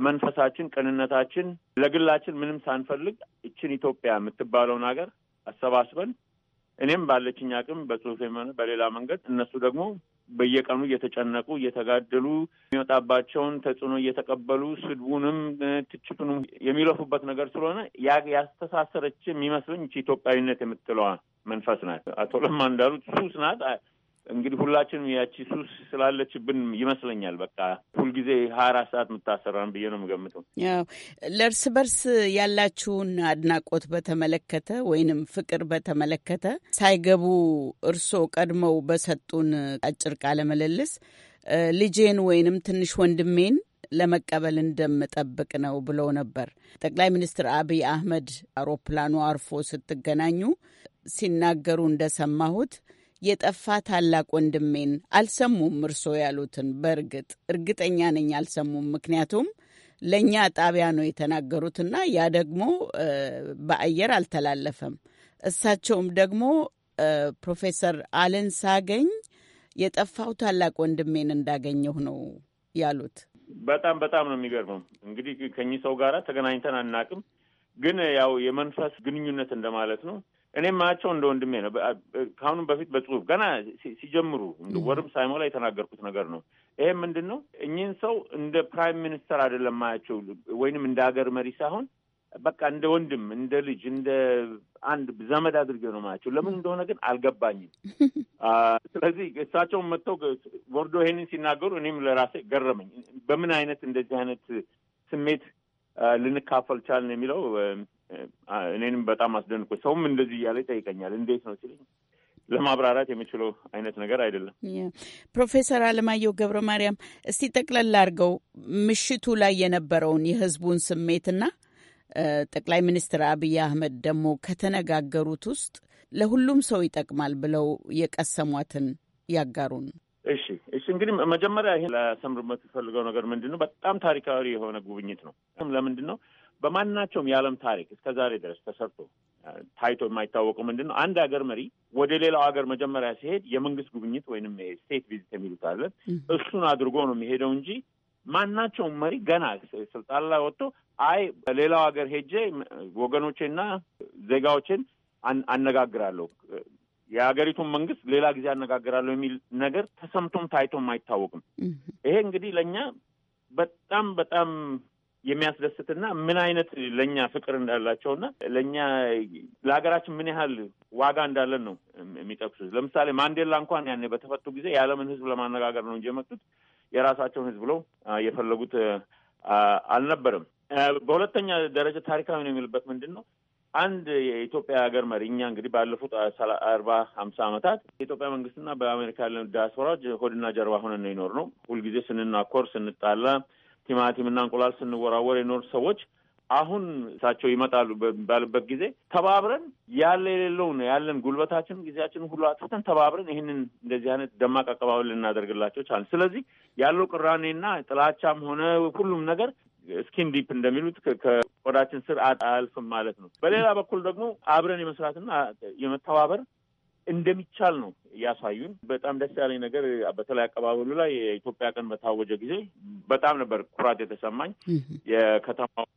መንፈሳችን፣ ቅንነታችን፣ ለግላችን ምንም ሳንፈልግ እችን ኢትዮጵያ የምትባለውን ሀገር አሰባስበን እኔም ባለችኝ አቅም በጽሁፍ ሆነ በሌላ መንገድ እነሱ ደግሞ በየቀኑ እየተጨነቁ እየተጋደሉ የሚወጣባቸውን ተጽዕኖ እየተቀበሉ ስድቡንም ትችቱንም የሚለፉበት ነገር ስለሆነ ያ ያስተሳሰረች የሚመስለኝ ኢትዮጵያዊነት የምትለዋ መንፈስ ናት። አቶ ለማ እንዳሉት ሱስ ናት። እንግዲህ ሁላችንም ያቺ ሱስ ስላለችብን ይመስለኛል በቃ ሁልጊዜ ሀያ አራት ሰዓት የምታሰራን ብዬ ነው የምገምተው። ያው ለእርስ በርስ ያላችሁን አድናቆት በተመለከተ ወይንም ፍቅር በተመለከተ ሳይገቡ እርስዎ ቀድመው በሰጡን አጭር ቃለ ምልልስ ልጄን ወይንም ትንሽ ወንድሜን ለመቀበል እንደምጠብቅ ነው ብለው ነበር። ጠቅላይ ሚኒስትር አብይ አህመድ አውሮፕላኑ አርፎ ስትገናኙ ሲናገሩ እንደሰማሁት የጠፋ ታላቅ ወንድሜን አልሰሙም። እርሶ ያሉትን በእርግጥ እርግጠኛ ነኝ አልሰሙም። ምክንያቱም ለእኛ ጣቢያ ነው የተናገሩትና ያ ደግሞ በአየር አልተላለፈም። እሳቸውም ደግሞ ፕሮፌሰር አለን ሳገኝ የጠፋው ታላቅ ወንድሜን እንዳገኘሁ ነው ያሉት። በጣም በጣም ነው የሚገርመው። እንግዲህ ከኚህ ሰው ጋር ተገናኝተን አናቅም፣ ግን ያው የመንፈስ ግንኙነት እንደማለት ነው እኔ ማያቸው እንደ ወንድሜ ነው። ከአሁኑም በፊት በጽሁፍ ገና ሲጀምሩ ወርም ሳይሞላ የተናገርኩት ነገር ነው። ይሄ ምንድን ነው? እኚህን ሰው እንደ ፕራይም ሚኒስተር አይደለም ማያቸው ወይንም እንደ ሀገር መሪ ሳይሆን በቃ እንደ ወንድም፣ እንደ ልጅ፣ እንደ አንድ ዘመድ አድርጌ ነው ማያቸው። ለምን እንደሆነ ግን አልገባኝም። ስለዚህ እሳቸውን መጥተው ወርዶ ይሄንን ሲናገሩ እኔም ለራሴ ገረመኝ። በምን አይነት እንደዚህ አይነት ስሜት ልንካፈል ቻልን የሚለው እኔንም በጣም አስደንቆ ሰውም እንደዚህ እያለ ይጠይቀኛል። እንዴት ነው ሲለኝ ለማብራራት የምችለው አይነት ነገር አይደለም። ፕሮፌሰር አለማየሁ ገብረ ማርያም እስቲ ጠቅለል አድርገው ምሽቱ ላይ የነበረውን የህዝቡን ስሜትና ጠቅላይ ሚኒስትር አብይ አህመድ ደግሞ ከተነጋገሩት ውስጥ ለሁሉም ሰው ይጠቅማል ብለው የቀሰሟትን ያጋሩን። እሺ እሺ። እንግዲህ መጀመሪያ ይሄን ላሰምርበት የፈልገው ነገር ምንድን ነው፣ በጣም ታሪካዊ የሆነ ጉብኝት ነው። ለምንድን ነው በማናቸውም የዓለም ታሪክ እስከ ዛሬ ድረስ ተሰርቶ ታይቶ የማይታወቀው ምንድን ነው? አንድ ሀገር መሪ ወደ ሌላው ሀገር መጀመሪያ ሲሄድ የመንግስት ጉብኝት ወይንም ስቴት ቪዚት የሚሉት አለ። እሱን አድርጎ ነው የሚሄደው እንጂ ማናቸውም መሪ ገና ስልጣን ላይ ወጥቶ አይ በሌላው ሀገር ሄጄ ወገኖቼና ዜጋዎቼን አነጋግራለሁ የሀገሪቱን መንግስት ሌላ ጊዜ አነጋግራለሁ የሚል ነገር ተሰምቶም ታይቶም አይታወቅም። ይሄ እንግዲህ ለእኛ በጣም በጣም የሚያስደስትና ምን አይነት ለእኛ ፍቅር እንዳላቸውና ለእኛ ለሀገራችን ምን ያህል ዋጋ እንዳለን ነው የሚጠቅሱት። ለምሳሌ ማንዴላ እንኳን ያኔ በተፈቱ ጊዜ የዓለምን ሕዝብ ለማነጋገር ነው እንጂ የመጡት የራሳቸውን ሕዝብ ብለው የፈለጉት አልነበረም። በሁለተኛ ደረጃ ታሪካዊ ነው የሚልበት ምንድን ነው? አንድ የኢትዮጵያ ሀገር መሪ እኛ እንግዲህ ባለፉት አርባ ሀምሳ ዓመታት የኢትዮጵያ መንግስትና በአሜሪካ ያለ ዲያስፖራዎች ሆድና ጀርባ ሆነን ነው ነው። ሁልጊዜ ስንናኮር፣ ስንጣላ ቲማቲምና እንቁላል ስንወራወር የኖር ሰዎች አሁን እሳቸው ይመጣሉ ባሉበት ጊዜ ተባብረን ያለ የሌለውን ያለን ጉልበታችን ጊዜያችን ሁሉ አጥፍተን ተባብረን ይህንን እንደዚህ አይነት ደማቅ አቀባበል ልናደርግላቸው ቻለን። ስለዚህ ያለው ቅራኔና ጥላቻም ሆነ ሁሉም ነገር ስኪን ዲፕ እንደሚሉት ከቆዳችን ስር አያልፍም ማለት ነው። በሌላ በኩል ደግሞ አብረን የመስራትና የመተባበር እንደሚቻል ነው እያሳዩን። በጣም ደስ ያለኝ ነገር በተለይ አቀባበሉ ላይ የኢትዮጵያ ቀን በታወጀ ጊዜ በጣም ነበር ኩራት የተሰማኝ። የከተማው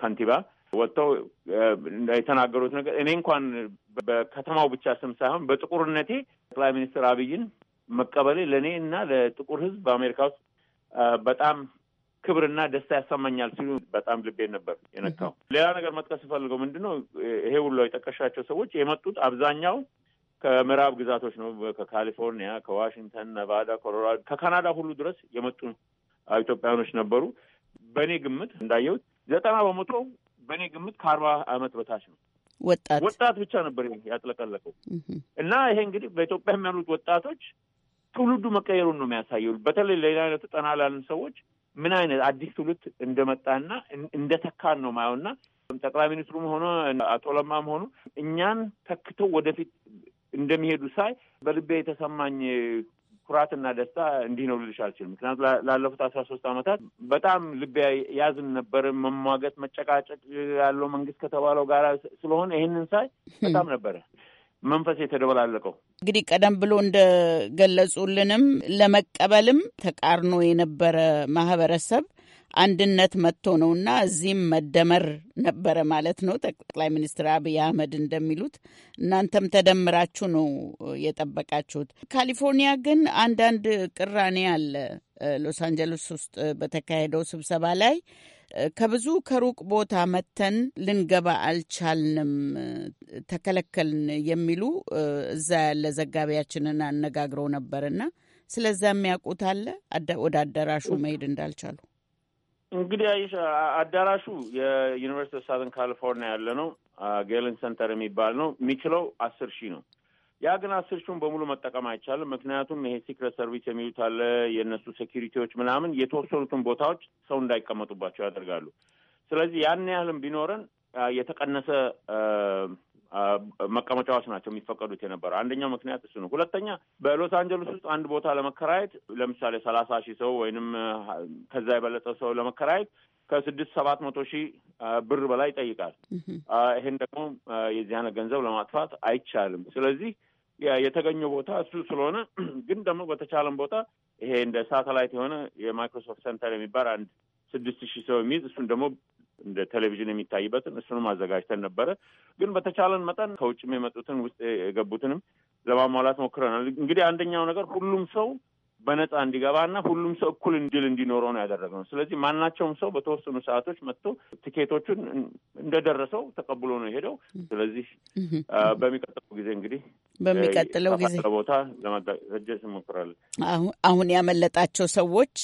ከንቲባ ወጥተው የተናገሩት ነገር እኔ እንኳን በከተማው ብቻ ስም ሳይሆን በጥቁርነቴ ጠቅላይ ሚኒስትር አብይን መቀበሌ ለእኔ እና ለጥቁር ሕዝብ በአሜሪካ ውስጥ በጣም ክብርና ደስታ ያሰማኛል ሲሉ በጣም ልቤን ነበር የነካው። ሌላ ነገር መጥቀስ ስፈልገው ምንድን ነው ይሄ ሁሉ የጠቀሻቸው ሰዎች የመጡት አብዛኛው ከምዕራብ ግዛቶች ነው። ከካሊፎርኒያ፣ ከዋሽንግተን፣ ነቫዳ፣ ኮሎራዶ፣ ከካናዳ ሁሉ ድረስ የመጡ ኢትዮጵያኖች ነበሩ። በእኔ ግምት እንዳየሁት ዘጠና በመቶ በእኔ ግምት ከአርባ ዓመት በታች ነው ወጣት ወጣት ብቻ ነበር ያጥለቀለቀው። እና ይሄ እንግዲህ በኢትዮጵያ የሚያሉት ወጣቶች ትውልዱ መቀየሩን ነው የሚያሳየው። በተለይ ሌላ አይነት ጠና ላለን ሰዎች ምን አይነት አዲስ ትውልድ እንደመጣና እንደተካን ነው ማየውና ጠቅላይ ሚኒስትሩም ሆነ አቶ ለማም ሆኑ እኛን ተክተው ወደፊት እንደሚሄዱ ሳይ በልቤ የተሰማኝ ኩራትና ደስታ እንዲህ ነው ልልሽ አልችልም። ምክንያቱ ላለፉት አስራ ሶስት ዓመታት በጣም ልቤ ያዝን ነበር መሟገት፣ መጨቃጨቅ ያለው መንግስት ከተባለው ጋር ስለሆነ ይህንን ሳይ በጣም ነበረ መንፈስ የተደበላለቀው። እንግዲህ ቀደም ብሎ እንደገለጹልንም ለመቀበልም ተቃርኖ የነበረ ማህበረሰብ አንድነት መጥቶ እና እዚህም መደመር ነበረ ማለት ነው። ጠቅላይ ሚኒስትር አብይ አህመድ እንደሚሉት እናንተም ተደምራችሁ ነው የጠበቃችሁት። ካሊፎርኒያ ግን አንዳንድ ቅራኔ አለ። ሎስ አንጀለስ ውስጥ በተካሄደው ስብሰባ ላይ ከብዙ ከሩቅ ቦታ መጥተን ልንገባ አልቻልንም፣ ተከለከልን የሚሉ እዛ ያለ ዘጋቢያችንን አነጋግረው ነበርና ስለዛ የሚያውቁት አለ ወደ አዳራሹ መሄድ እንዳልቻሉ። እንግዲህ አይሻ አዳራሹ የዩኒቨርሲቲ ኦፍ ካሊፎርኒያ ያለ ነው። ጌልን ሰንተር የሚባል ነው። የሚችለው አስር ሺህ ነው። ያ ግን አስር ሺውን በሙሉ መጠቀም አይቻልም። ምክንያቱም ይሄ ሲክረት ሰርቪስ የሚሉት አለ የእነሱ ሴኪሪቲዎች ምናምን የተወሰኑትን ቦታዎች ሰው እንዳይቀመጡባቸው ያደርጋሉ። ስለዚህ ያን ያህልም ቢኖረን የተቀነሰ መቀመጫዎች ናቸው የሚፈቀዱት የነበረ። አንደኛው ምክንያት እሱ ነው። ሁለተኛ በሎስ አንጀለስ ውስጥ አንድ ቦታ ለመከራየት ለምሳሌ ሰላሳ ሺህ ሰው ወይንም ከዛ የበለጠ ሰው ለመከራየት ከስድስት ሰባት መቶ ሺህ ብር በላይ ይጠይቃል። ይህን ደግሞ የዚህ አይነት ገንዘብ ለማጥፋት አይቻልም። ስለዚህ የተገኘው ቦታ እሱ ስለሆነ ግን ደግሞ በተቻለን ቦታ ይሄ እንደ ሳተላይት የሆነ የማይክሮሶፍት ሰንተር የሚባል አንድ ስድስት ሺህ ሰው የሚይዝ እሱን ደግሞ እንደ ቴሌቪዥን የሚታይበትን እሱንም አዘጋጅተን ነበረ። ግን በተቻለን መጠን ከውጭ የመጡትን ውስጥ የገቡትንም ለማሟላት ሞክረናል። እንግዲህ አንደኛው ነገር ሁሉም ሰው በነጻ እና ሁሉም ሰው እኩል እድል እንዲኖረው ነው ያደረግነው። ስለዚህ ማናቸውም ሰው በተወሰኑ ሰዓቶች መጥቶ ትኬቶቹን እንደደረሰው ተቀብሎ ነው የሄደው። ስለዚህ በሚቀጥለው ጊዜ እንግዲህ በሚቀጥለው ጊዜ ቦታ ለማዘጋጀት እንሞክራለን። አሁን ያመለጣቸው ሰዎች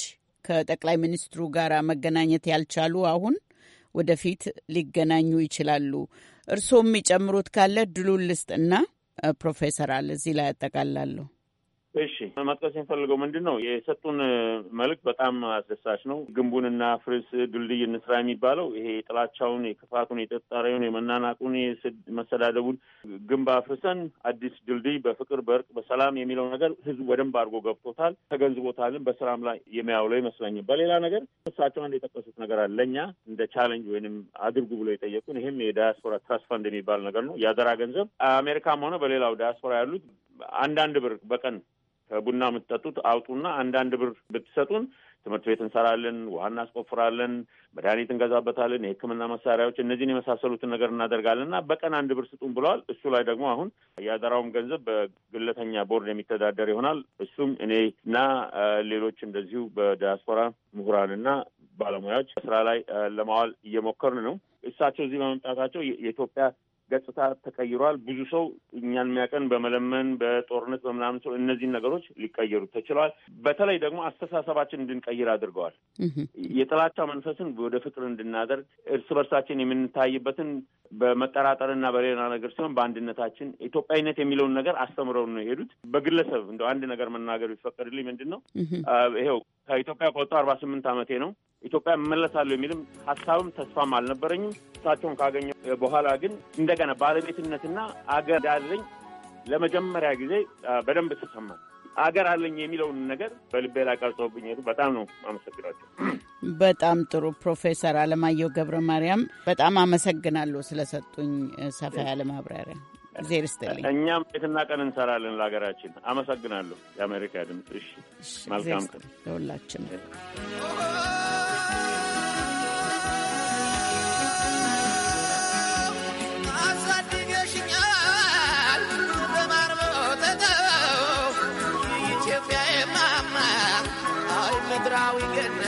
ከጠቅላይ ሚኒስትሩ ጋር መገናኘት ያልቻሉ አሁን ወደፊት ሊገናኙ ይችላሉ። እርስዎ የሚጨምሩት ካለ ድሉን ልስጥና ፕሮፌሰር አለ እዚህ ላይ ያጠቃላለሁ። እሺ መጥቀስ የሚፈልገው ምንድን ነው የሰጡን መልእክት በጣም አስደሳች ነው። ግንቡንና ፍርስ ድልድይ እንስራ የሚባለው ይሄ የጥላቻውን፣ የክፋቱን፣ የጥርጣሬውን፣ የመናናቁን፣ መሰዳደቡን ግንብ አፍርሰን አዲስ ድልድይ በፍቅር በእርቅ በሰላም የሚለው ነገር ህዝቡ በደንብ አድርጎ ገብቶታል፣ ተገንዝቦታልን በስራም ላይ የሚያውለው ይመስለኛል። በሌላ ነገር እሳቸው አንድ የጠቀሱት ነገር አለ። ለእኛ እንደ ቻለንጅ ወይንም አድርጉ ብሎ የጠየቁን ይህም የዳያስፖራ ትራስት ፈንድ የሚባል ነገር ነው። የአደራ ገንዘብ አሜሪካም ሆነ በሌላው ዳያስፖራ ያሉት አንዳንድ ብር በቀን ከቡና የምትጠጡት አውጡና አንዳንድ ብር ብትሰጡን ትምህርት ቤት እንሰራለን፣ ውሃ እናስቆፍራለን፣ መድኃኒት እንገዛበታለን፣ የሕክምና መሳሪያዎች እነዚህን የመሳሰሉትን ነገር እናደርጋለን እና በቀን አንድ ብር ስጡን ብለዋል። እሱ ላይ ደግሞ አሁን የአደራውም ገንዘብ በግለተኛ ቦርድ የሚተዳደር ይሆናል። እሱም እኔና ሌሎች እንደዚሁ በዲያስፖራ ምሁራንና ባለሙያዎች ስራ ላይ ለማዋል እየሞከርን ነው። እሳቸው እዚህ በመምጣታቸው የኢትዮጵያ ገጽታ ተቀይሯል። ብዙ ሰው እኛን የሚያቀን በመለመን በጦርነት በምናምን ሰው እነዚህን ነገሮች ሊቀየሩ ተችለዋል። በተለይ ደግሞ አስተሳሰባችን እንድንቀይር አድርገዋል። የጥላቻ መንፈስን ወደ ፍቅር እንድናደርግ እርስ በርሳችን የምንታይበትን በመጠራጠርና በሌላ ነገር ሲሆን በአንድነታችን ኢትዮጵያዊነት የሚለውን ነገር አስተምረው ነው የሄዱት። በግለሰብ እንደ አንድ ነገር መናገር ቢፈቀድልኝ ምንድን ነው ይሄው ከኢትዮጵያ ከወጣሁ አርባ ስምንት ዓመቴ ነው። ኢትዮጵያ እመለሳለሁ የሚልም ሀሳብም ተስፋም አልነበረኝም። እሳቸውን ካገኘ በኋላ ግን እንደገና ባለቤትነትና አገር እንዳለኝ ለመጀመሪያ ጊዜ በደንብ ተሰማ አገር አለኝ የሚለውን ነገር በልቤ ላይ ቀርጸውብኝ ሄዱ። በጣም ነው አመሰግናቸው። በጣም ጥሩ ፕሮፌሰር አለማየሁ ገብረ ማርያም በጣም አመሰግናለሁ ስለሰጡኝ ሰፋ ያለ ማብራሪያ። እግዜር ይስጥልኝ። እኛም ቤትና ቀን እንሰራለን ለሀገራችን። አመሰግናለሁ። የአሜሪካ ድምፅ። እሺ፣ መልካም ቀን ለሁላችን። How we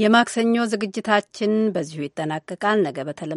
የማክሰኞ ዝግጅታችን በዚሁ ይጠናቀቃል። ነገ በተለመ